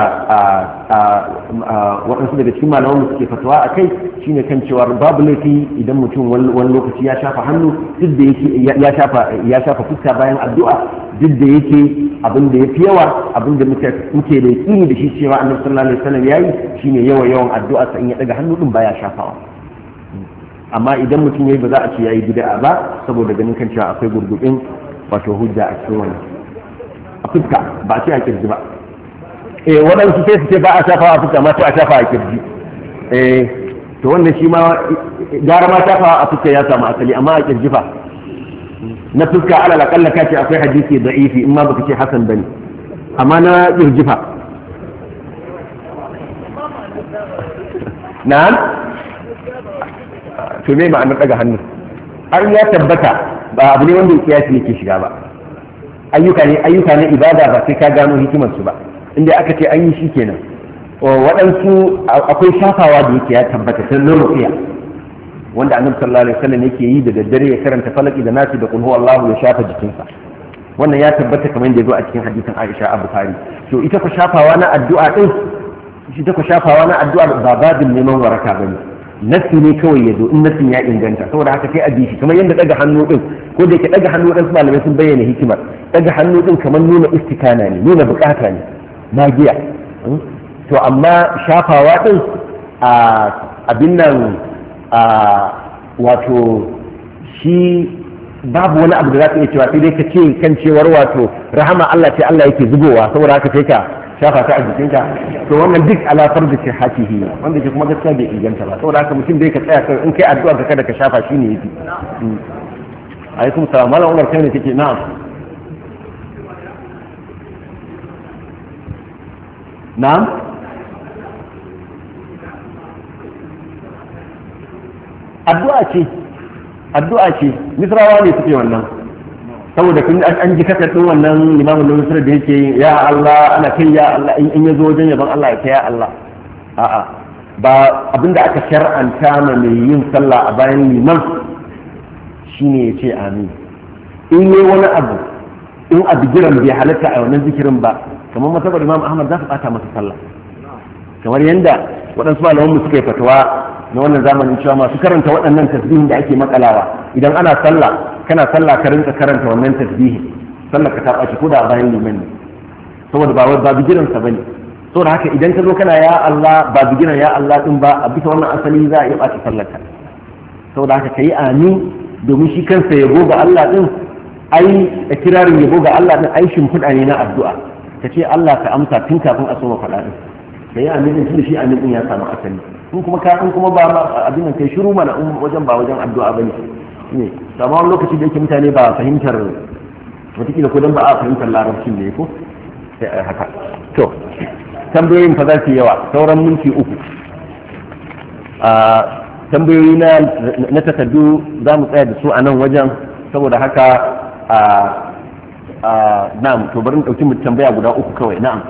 waɗansu daga cikin malaman suke fatawa a kai shine kan cewa babu laifi idan mutum wani lokaci ya shafa hannu duk da yake ya shafa ya fuska bayan addu'a duk da yake abin da yafi yawa abin da muke da yakini da shi cewa annabi sallallahu alaihi wasallam yayi shine yawa yawan addu'a sa in ya daga hannu din baya shafawa amma idan mutum yayi ba za a ce yayi bid'a ba saboda ganin kan cewa akwai gurgubin wato hujja a cikin wannan a fuska ba sai a kirji ba eh waɗansu sai su ce ba a shafawa a fuska ma sai a shafa a kirji eh to wannan shi ma gara ma shafawa a fuska ya samu asali amma a kirji fa na fuska alal akalla kace akwai hadisi da'ifi in ma baka ce hasan bane amma na kirji fa na'am to me ma'anar daga hannu har ya tabbata ba abu ne wanda kiyasi ke shiga ba ayyuka ne ayyuka ibada ba sai ka gano hikimar su ba inda aka ce an yi shi kenan waɗansu akwai shafawa da yake ya tabbata ta na rufiya wanda annabi sallallahu alaihi wasallam yake yi da daddare ya karanta falaki da nasi da kun huwa Allahu ya shafa jikinsa wannan ya tabbata kamar da ya zo a cikin hadisin Aisha a Bukhari so ita ku shafawa na addu'a din shi ta shafawa na addu'a ba babin neman waraka bane nassi ne kawai ya zo in nassin ya inganta saboda haka sai a bi shi kamar yadda daga hannu din ko da yake daga hannu din su malamai sun bayyana hikimar daga hannu din kamar nuna istikana ne nuna bukata ne magiya hmm? to amma shafawa din a abin nan a wato shi babu wani abu da za ka iya cewa sai dai ka ce kan cewar wato rahama Allah ce Allah yake zubowa saboda haka sai ka shafa ta a jikinka to wannan duk ala fardu ce hakihi wanda ke kuma gaskiya bai inganta ba saboda haka mutum bai ka tsaya kan in kai addu'a ka kada ka shafa shi ne yafi hmm. kuma salam malam umar kai ne kike na'am na'am addu'a ce addu'a ce misrawa ne suke wannan saboda kun an ji kasa wannan limamin lokacin da yake ya Allah ana kai ya Allah in ya zo wajen yaban Allah ya kai ya Allah a'a ba da aka shar'anta ma mai yin sallah a bayan liman shine ya ce amin in yi wani abu in a bigiran bai halatta a wannan zikirin ba kamar masabar imam ahmad za su bata masa sallah kamar yadda waɗansu malaman mu suka yi fatawa na wannan zamanin cewa masu karanta waɗannan tasbihin da ake makalawa idan ana sallah kana sallah ka rinka karanta wannan tasbihi sallar ka ta ɓaci ko da bayan liman ne saboda ba wai ba bigiran sa bane saboda haka idan ka zo kana ya Allah ba bigiran ya Allah din ba a bisa wannan asali za a iya ɓaci sallar ka saboda haka kai amin domin shi kansa yabo ga Allah din ai kirarin yabo ga Allah din ai shimfiɗa ne na addu'a ka ce Allah ka amsa tun kafin a soma faɗa din ka yi amin tun da shi amin din ya samu asali in kuma ka in kuma ba abin nan kai shiru mana wajen ba wajen addu'a bane ne wani lokaci da yake mutane ba fahimtar watakila ko don ba a fahimtar larabcin ne ko sai a haka to tambayoyin fa za su yawa sauran minti uku a tambayoyi na na takardu za mu tsaya da su a nan wajen saboda haka a na'am to bari mu ɗauki mu tambaya guda uku kawai na'am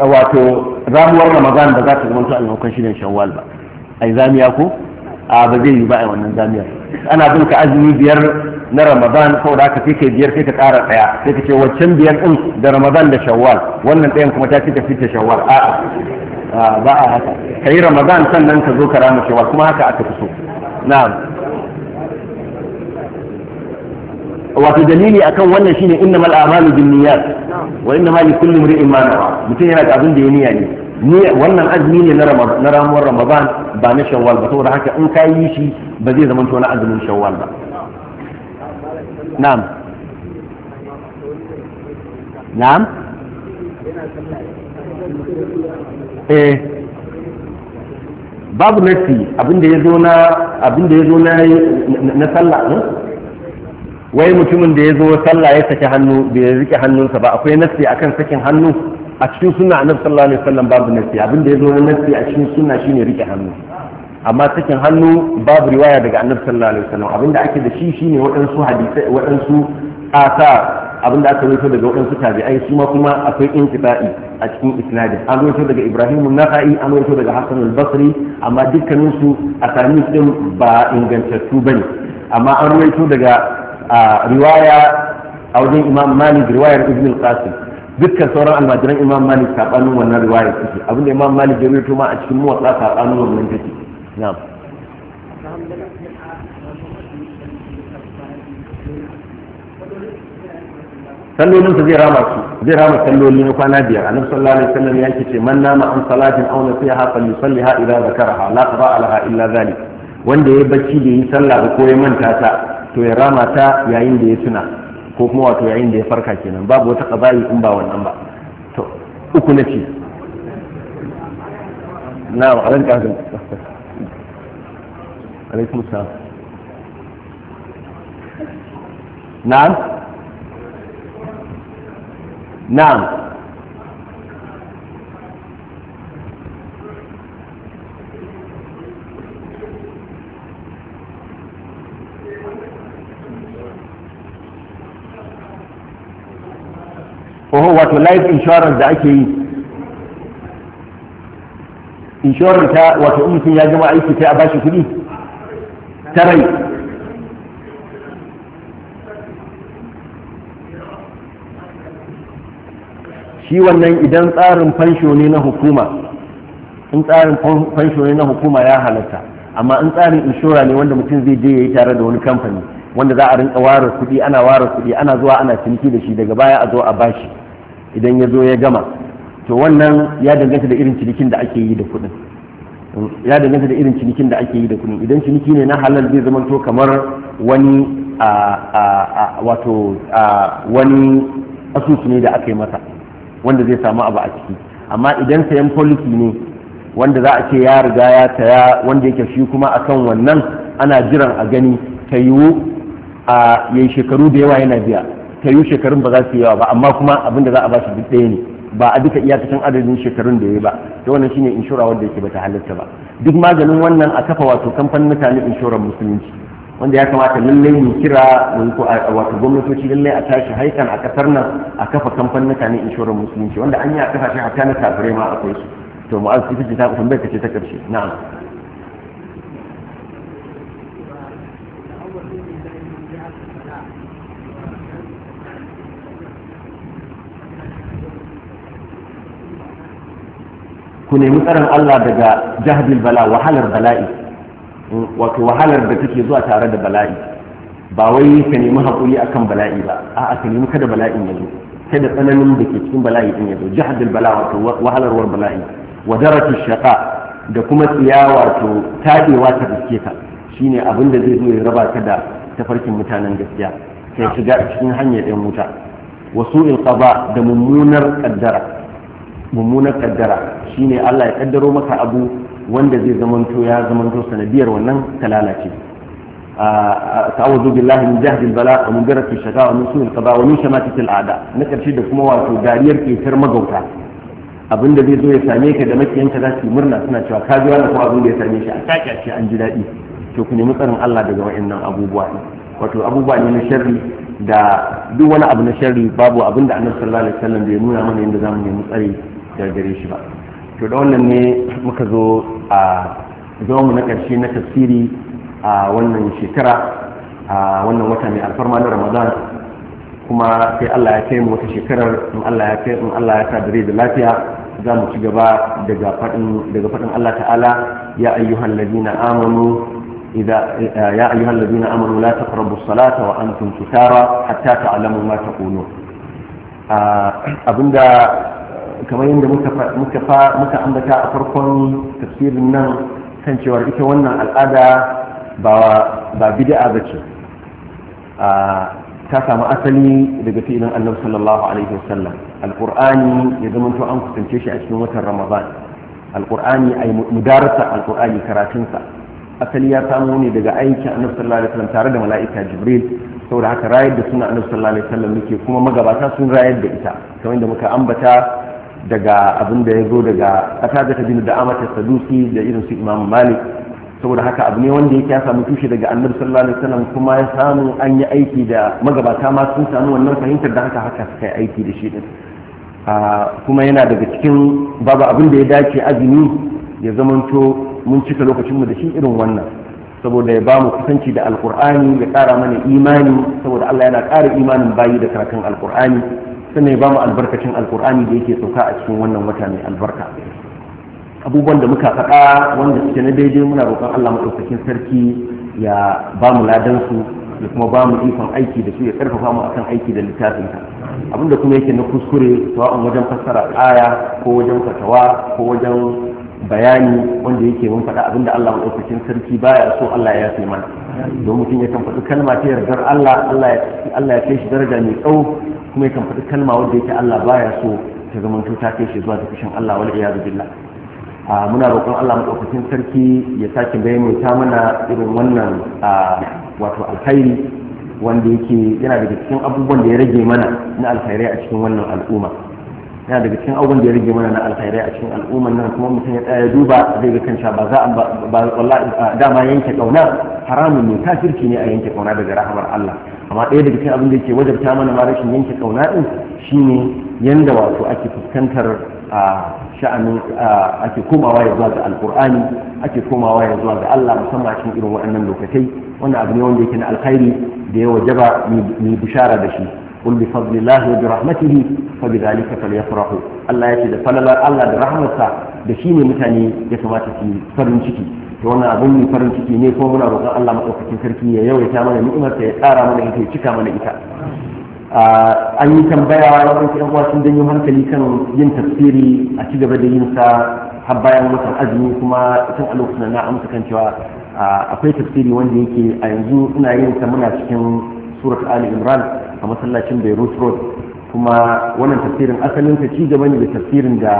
wato ramuwar ramadan da za ta zama a maimakon ne shawwal ba ai zamiya ko a ba zai yi ba a wannan zamiyar ana bin ka azumi biyar na ramadan ko da aka kai biyar sai ka ƙara ɗaya sai ka ce waccan biyar din da ramadan da shawwal wannan ɗayan kuma ta ce ta fita shawwal a'a ba a haka ka yi ramadan sannan ka zo ka rama shawwal kuma haka aka fi so na'am wato dalili akan wannan shine innamal a'malu binniyat wa innamal likulli imri'in ma nawa mutum yana da abin da ya niyya ne niyya wannan azumi ne na ramuwar ramadan ba na shawwal ba saboda haka in ka yi shi ba zai zama to na azumin shawwal ba na'am na'am eh babu nasi abinda ya zo na abinda ya zo na na sallah ne wai mutumin da ya zo sallah ya saki hannu bai ya rike hannunsa ba akwai nassi akan sakin hannu a cikin sunna annabi sallallahu alaihi wasallam babu nassi abin da ya zo na nassi a cikin sunna shine rike hannu amma sakin hannu babu riwaya daga annabi sallallahu alaihi wasallam abin da ake da shi shine waɗansu hadisai waɗansu asa abin da aka rubuto daga waɗansu tabi'ai su ma kuma akwai intifa'i a cikin isnadin an rubuto daga ibrahim an-nakhai an rubuto daga hasan al-basri amma dukkaninsu a sami din ba ingantattu bane amma an rubuto daga a riwaya a wajen imam malik riwayar ibn al-qasim dukkan sauran almajiran imam malik sabanin wannan riwayar suke abinda imam malik ya rito ma a cikin muwatsa sabanin wannan take na'am sallolin su zai rama su zai rama salloli na kwana biyar annabi sallallahu alaihi wasallam ya ce man nama an salatin aw nasiha fa yusalliha idza zakaraha la qada alaha illa zalik wanda ya bacci da yi sallah ko ya manta ta to ya rama ta yayin da ya tuna ko kuma wato yayin da ya farka kenan babu wata qaba'i in ba wannan ba to uku na ce na ma'aran kafin alaikum salam na'am na'am oho wato life insurance da ake yi insurance ta wato in mutum ya gama aiki sai a bashi kuɗi ta rai shi wannan idan tsarin fansho ne na hukuma in tsarin fansho ne na hukuma ya halatta amma in tsarin inshora ne wanda mutum zai je ya yi tare da wani kamfani wanda za a rinka ware kuɗi ana ware kuɗi ana zuwa ana ciniki da shi daga baya a zo a bashi idan ya zo ya gama to wannan ya danganta da irin cinikin da ake yi da kuɗin ya danganta da irin cinikin da ake yi da kuɗin idan ciniki ne na halal zai zama to kamar wani a wato wani asusu ne da aka yi masa wanda zai samu abu a ciki amma idan sayan policy ne wanda za a ce ya riga ya taya wanda yake shi kuma akan wannan ana jiran a gani ta yiwu a yayi shekaru da yawa yana biya ta yi shekarun ba za su yi yawa ba amma kuma abin da za a ba shi duk ɗaya ne ba a duka iyakacin adadin shekarun da ya ba ta wannan shine inshora wanda yake bata halatta ba duk maganin wannan a kafa wato kamfanin mutane inshorar musulunci wanda ya kamata lallai mu kira wato gwamnatoci lallai a tashi haikan a kasar nan a kafa kamfanin mutane inshorar musulunci wanda an yi a shi hatta na tafure ma akwai su to mu'azziki ta tambayar ka ce ta karshe na'am ku nemi tsaron Allah daga jahdil bala wahalar bala'i mm, wato wahalar da take zuwa tare da bala'i ba wai ka nemi haƙuri akan bala'i ba a'a ka nemi kada bala'in ya zo kada tsananin da ke cikin bala'i din ya zo jahdil bala wato wahalarwar bala'i wa daratu shaqa da kuma tsiya wato tadewa ta gaske ka shine abin da zai zo ya raba ka da tafarkin mutanen gaskiya kai shiga cikin hanyar ɗan wuta wasu ilqaba da mummunar tsaddara. mummunar kaddara ne Allah ya kaddaro maka abu wanda zai zamanto ya zamanto sanadiyar wannan ka lalace ta'awuzu billahi min jahdi al-bala wa min darati shaka wa min su'il qada wa min al-a'da na karshe da kuma wato dariyar ketar magauta abinda zai zo ya same ka da makiyanka za su murna suna cewa ka ji wannan ko abin da ya same shi a kaki a an ji daɗi to ku nemi tsarin Allah daga wa'annan abubuwa wato abubuwa ne na sharri da duk wani abu na sharri babu abin da annabi sallallahu alaihi wasallam bai nuna mana yadda zamu nemi tsari daga gare shi ba to da wannan ne muka zo a mu na ƙarshe na tafsiri a wannan shekara a wannan wata mai alfarma na ramadan kuma sai allah ya kai mu wata shekarar in allah ya kai in allah ya sa dare da lafiya za mu ci gaba daga faɗin daga faɗin allah ta'ala ya ayyuhan ladina amanu إذا يا أيها الذين آمنوا لا تقربوا الصلاة وأنتم سكارى حتى تعلموا ما تقولون أبدا kamar yadda muka ambata a farkon tafsirin nan kan cewar ita wannan al'ada ba bid'a ba ce ta samu asali daga filin annabi sallallahu alaihi wasallam alqur'ani ya zama to an kusance shi a cikin watan ramadan alqur'ani ai mudarasa alqur'ani karatunsa asali ya samu ne daga aikin annabi sallallahu alaihi wasallam tare da mala'ika jibril saboda haka rayar da suna annabi sallallahu alaihi wasallam yake kuma magabata sun rayar da ita kamar yadda muka ambata daga abin da ya zo daga kasa da tabinu da amata sadusi da irin su imamu malik saboda haka abu ne wanda yake ya samu tushe daga annabi sallallahu alaihi wasallam kuma ya samu an yi aiki da magabata ma sun samu wannan fahimtar da haka haka suka yi aiki da shi din kuma yana daga cikin babu abin da ya dace azumi ya zamanto mun cika lokacinmu da shi irin wannan saboda ya bamu kusanci da alkur'ani ya kara mana imani saboda Allah yana kara imanin bayi da karatun alkur'ani sannan ya ba mu albarkacin alkur'ani da yake sauka a cikin wannan wata mai albarka abubuwan da muka faɗa wanda suke na daidai muna roƙon Allah maɗaukakin sarki ya ba mu ladansu da kuma ba mu ikon aiki da su ya ƙarfafa mu akan aiki da littafin ka abinda kuma yake na kuskure tawa'un wajen fassara aya ko wajen fatawa ko wajen bayani wanda yake mun faɗa abinda Allah maɗaukakin sarki baya so Allah ya fi mana don mutum ya kan faɗi kalma ta yardar Allah Allah ya kai shi daraja mai tsawo kuma ya kan faɗi kalma wanda yake Allah baya so ta zama ta kai shi zuwa ga fushin Allah wal iyadu billah muna roƙon Allah madaukakin sarki ya sake ta mana irin wannan wato alkhairi wanda yake yana daga cikin abubuwan da ya rage mana na alkhairai a cikin wannan al'umma yana daga cikin abubuwan da ya rage mana na alkhairai a cikin al'umman nan kuma mutum ya tsaya duba zai ga kansa ba za a dama yanke kauna haramun ne kafirci ne a yanke kauna daga rahamar Allah amma ɗaya daga cikin abin da yake wajabta mana ma rashin yanke kauna din shine yanda wato ake fuskantar a sha'anin ake komawa ya zuwa ga alkur'ani ake komawa ya zuwa ga Allah musamman cikin irin waɗannan lokacai wannan abu ne wanda yake na alkhairi da ya wajaba mai bishara da shi قل بفضل الله وبرحمته فبذلك فليفرحوا الله يجد فلل الله برحمته da shi ne mutane ya kamata su farin ciki to wannan abin mu farin ciki ne kuma muna roƙon Allah maɗaukakin sarki ya yawaita mana ni'imar ya tsara mana ita ya cika mana ita an yi tambaya waɗansu ƴan uwa sun janyo hankali kan yin tafsiri a ci gaba da yin sa har bayan watan azumi kuma tun a lokacin na amsa kan cewa akwai tafsiri wanda yake a yanzu ina yin sa muna cikin surat al imran a masallacin beirut road kuma wannan tafsirin asalin ta ci gaba ne da tafsirin da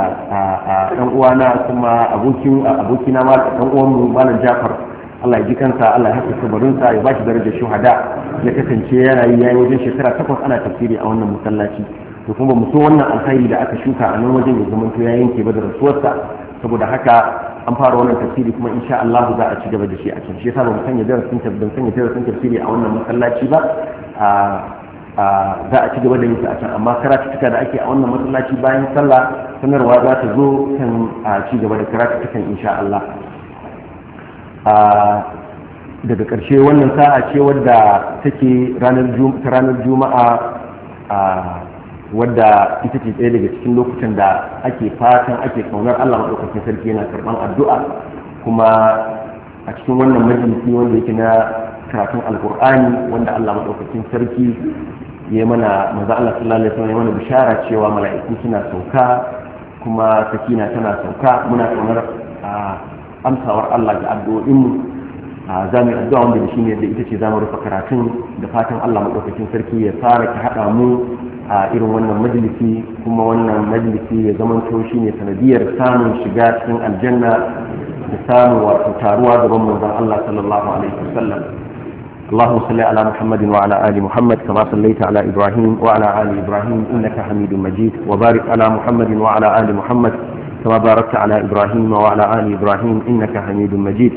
ɗan uwana kuma abokin abokina ma ɗan uwan mu malam Jafar Allah ya ji kansa Allah ya haska sabarin sa ya bashi darajar shuhada ya kasance yana yi yayin wajen shekara takwas ana tafsiri a wannan masallaci to kuma mu so wannan alkhairi da aka shuka a nan wajen ya zamanto ya yanke ba da rasuwarsa saboda haka an fara wannan tafsiri kuma insha Allah za a ci gaba da shi a cikin shi yasa ba mu sanya darasin tafsiri a wannan masallaci ba za a ci gaba da yin a can amma karatuttuka da ake a wannan masallaci bayan sallah sanarwa za ta zo kan a ci gaba da karatuttukan insha Allah daga ƙarshe wannan sa'a ce wadda take ranar juma'a wadda ita ce ɗaya daga cikin lokutan da ake fatan ake kaunar Allah maɗaukacin sarki yana karɓar addu'a kuma a cikin wannan majalisi wanda yake na karatun alkur'ani wanda Allah maɗaukacin sarki ya mana maza Allah sallallahu alaihi wasallam ya mana bishara cewa mala'iku suna sauka kuma sakina tana sauka muna tsonar amsawar Allah ga addu'o'in mu za mu addu'a wanda shi ne da ita ce za mu rufe karatun da fatan Allah maɗaukacin sarki ya fara ta haɗa mu a irin wannan majalisi kuma wannan majalisi ya zamanto shi ne sanadiyar samun shiga cikin aljanna da samun wato taruwa gaban manzon Allah sallallahu alaihi wasallam اللهم صل على محمد وعلى آل محمد كما صليت على إبراهيم وعلى آل إبراهيم إنك حميد مجيد وبارك على محمد وعلى آل محمد كما باركت على إبراهيم وعلى آل إبراهيم إنك حميد مجيد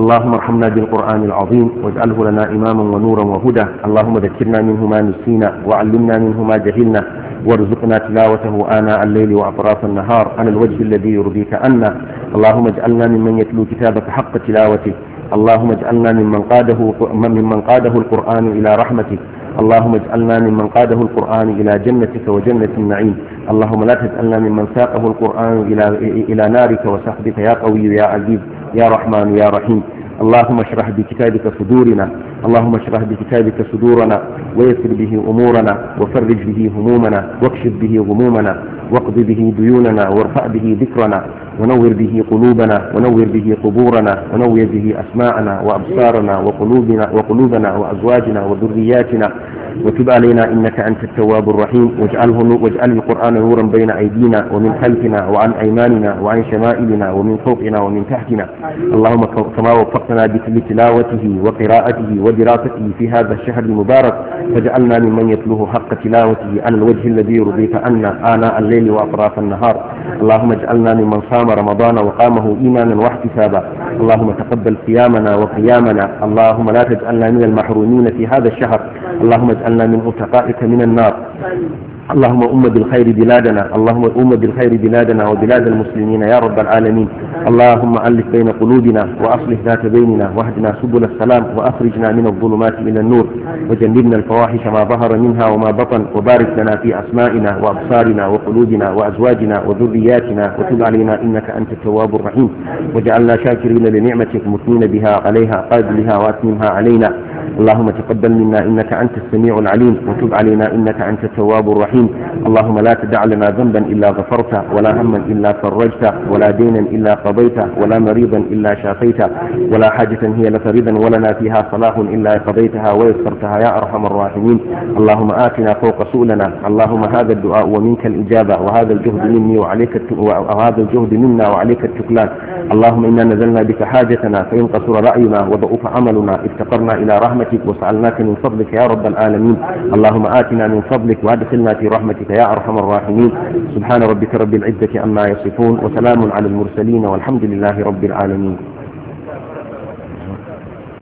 اللهم ارحمنا بالقرآن العظيم واجعله لنا إماما ونورا وهدى اللهم ذكرنا منه ما نسينا وعلمنا منه ما جهلنا وارزقنا تلاوته آناء الليل وأطراف النهار على الوجه الذي يرضيك عنا اللهم اجعلنا ممن يتلو كتابك حق تلاوته اللهم اجعلنا ممن قاده ممن قاده القرآن إلى رحمتك اللهم اجعلنا ممن قاده القرآن إلى جنتك وجنة النعيم اللهم لا تجعلنا ممن ساقه القرآن إلى إلى نارك وسخطك يا قوي يا عزيز يا رحمن يا رحيم اللهم اشرح بكتابك صدورنا اللهم اشرح بكتابك صدورنا ويسر به أمورنا وفرج به همومنا واكشف به غمومنا واقض به ديوننا وارفع به ذكرنا ونور به قلوبنا ونور به قبورنا ونور به أسماعنا وأبصارنا وقلوبنا, وقلوبنا وأزواجنا وذرياتنا وتب علينا إنك أنت التواب الرحيم واجعله واجعل القرآن نورا بين أيدينا ومن خلفنا وعن أيماننا وعن شمائلنا ومن فوقنا ومن تحتنا اللهم كما وفقتنا لتلاوته وقراءته ودراسته في هذا الشهر المبارك فاجعلنا ممن يتلوه حق تلاوته على الوجه الذي رضيت عنا آناء الليل الليل وأطراف النهار اللهم اجعلنا ممن صام رمضان وقامه إيمانا واحتسابا اللهم تقبل صيامنا وقيامنا اللهم لا تجعلنا من المحرومين في هذا الشهر اللهم اجعلنا من أتقائك من النار اللهم أم بالخير بلادنا اللهم أم بالخير بلادنا وبلاد المسلمين يا رب العالمين اللهم ألف بين قلوبنا وأصلح ذات بيننا واهدنا سبل السلام وأخرجنا من الظلمات إلى النور وجنبنا الفواحش ما ظهر منها وما بطن وبارك لنا في أسمائنا وأبصارنا وقلوبنا وأزواجنا وذرياتنا وتب علينا إنك أنت التواب الرحيم وجعلنا شاكرين لنعمتك مثنين بها عليها قادلها وأتممها علينا اللهم تقبل منا إنك أنت السميع العليم وتب علينا إنك أنت التواب الرحيم اللهم لا تدع لنا ذنبا إلا غفرته ولا هما إلا فرجته ولا دينا إلا قضيته ولا مريضا إلا شافيته ولا حاجة هي لفريضا ولنا فيها صلاح إلا قضيتها ويسرتها يا أرحم الراحمين اللهم آتنا فوق سؤلنا اللهم هذا الدعاء ومنك الإجابة وهذا الجهد مني وعليك وهذا الجهد منا وعليك التكلان اللهم إنا نزلنا بك حاجتنا فإن قصر رأينا وضعف عملنا افتقرنا إلى رحمة رحمتك وسألناك من فضلك يا رب العالمين اللهم آتنا من فضلك وادخلنا في رحمتك يا أرحم الراحمين سبحان ربك رب العزة عما يصفون وسلام على المرسلين والحمد لله رب العالمين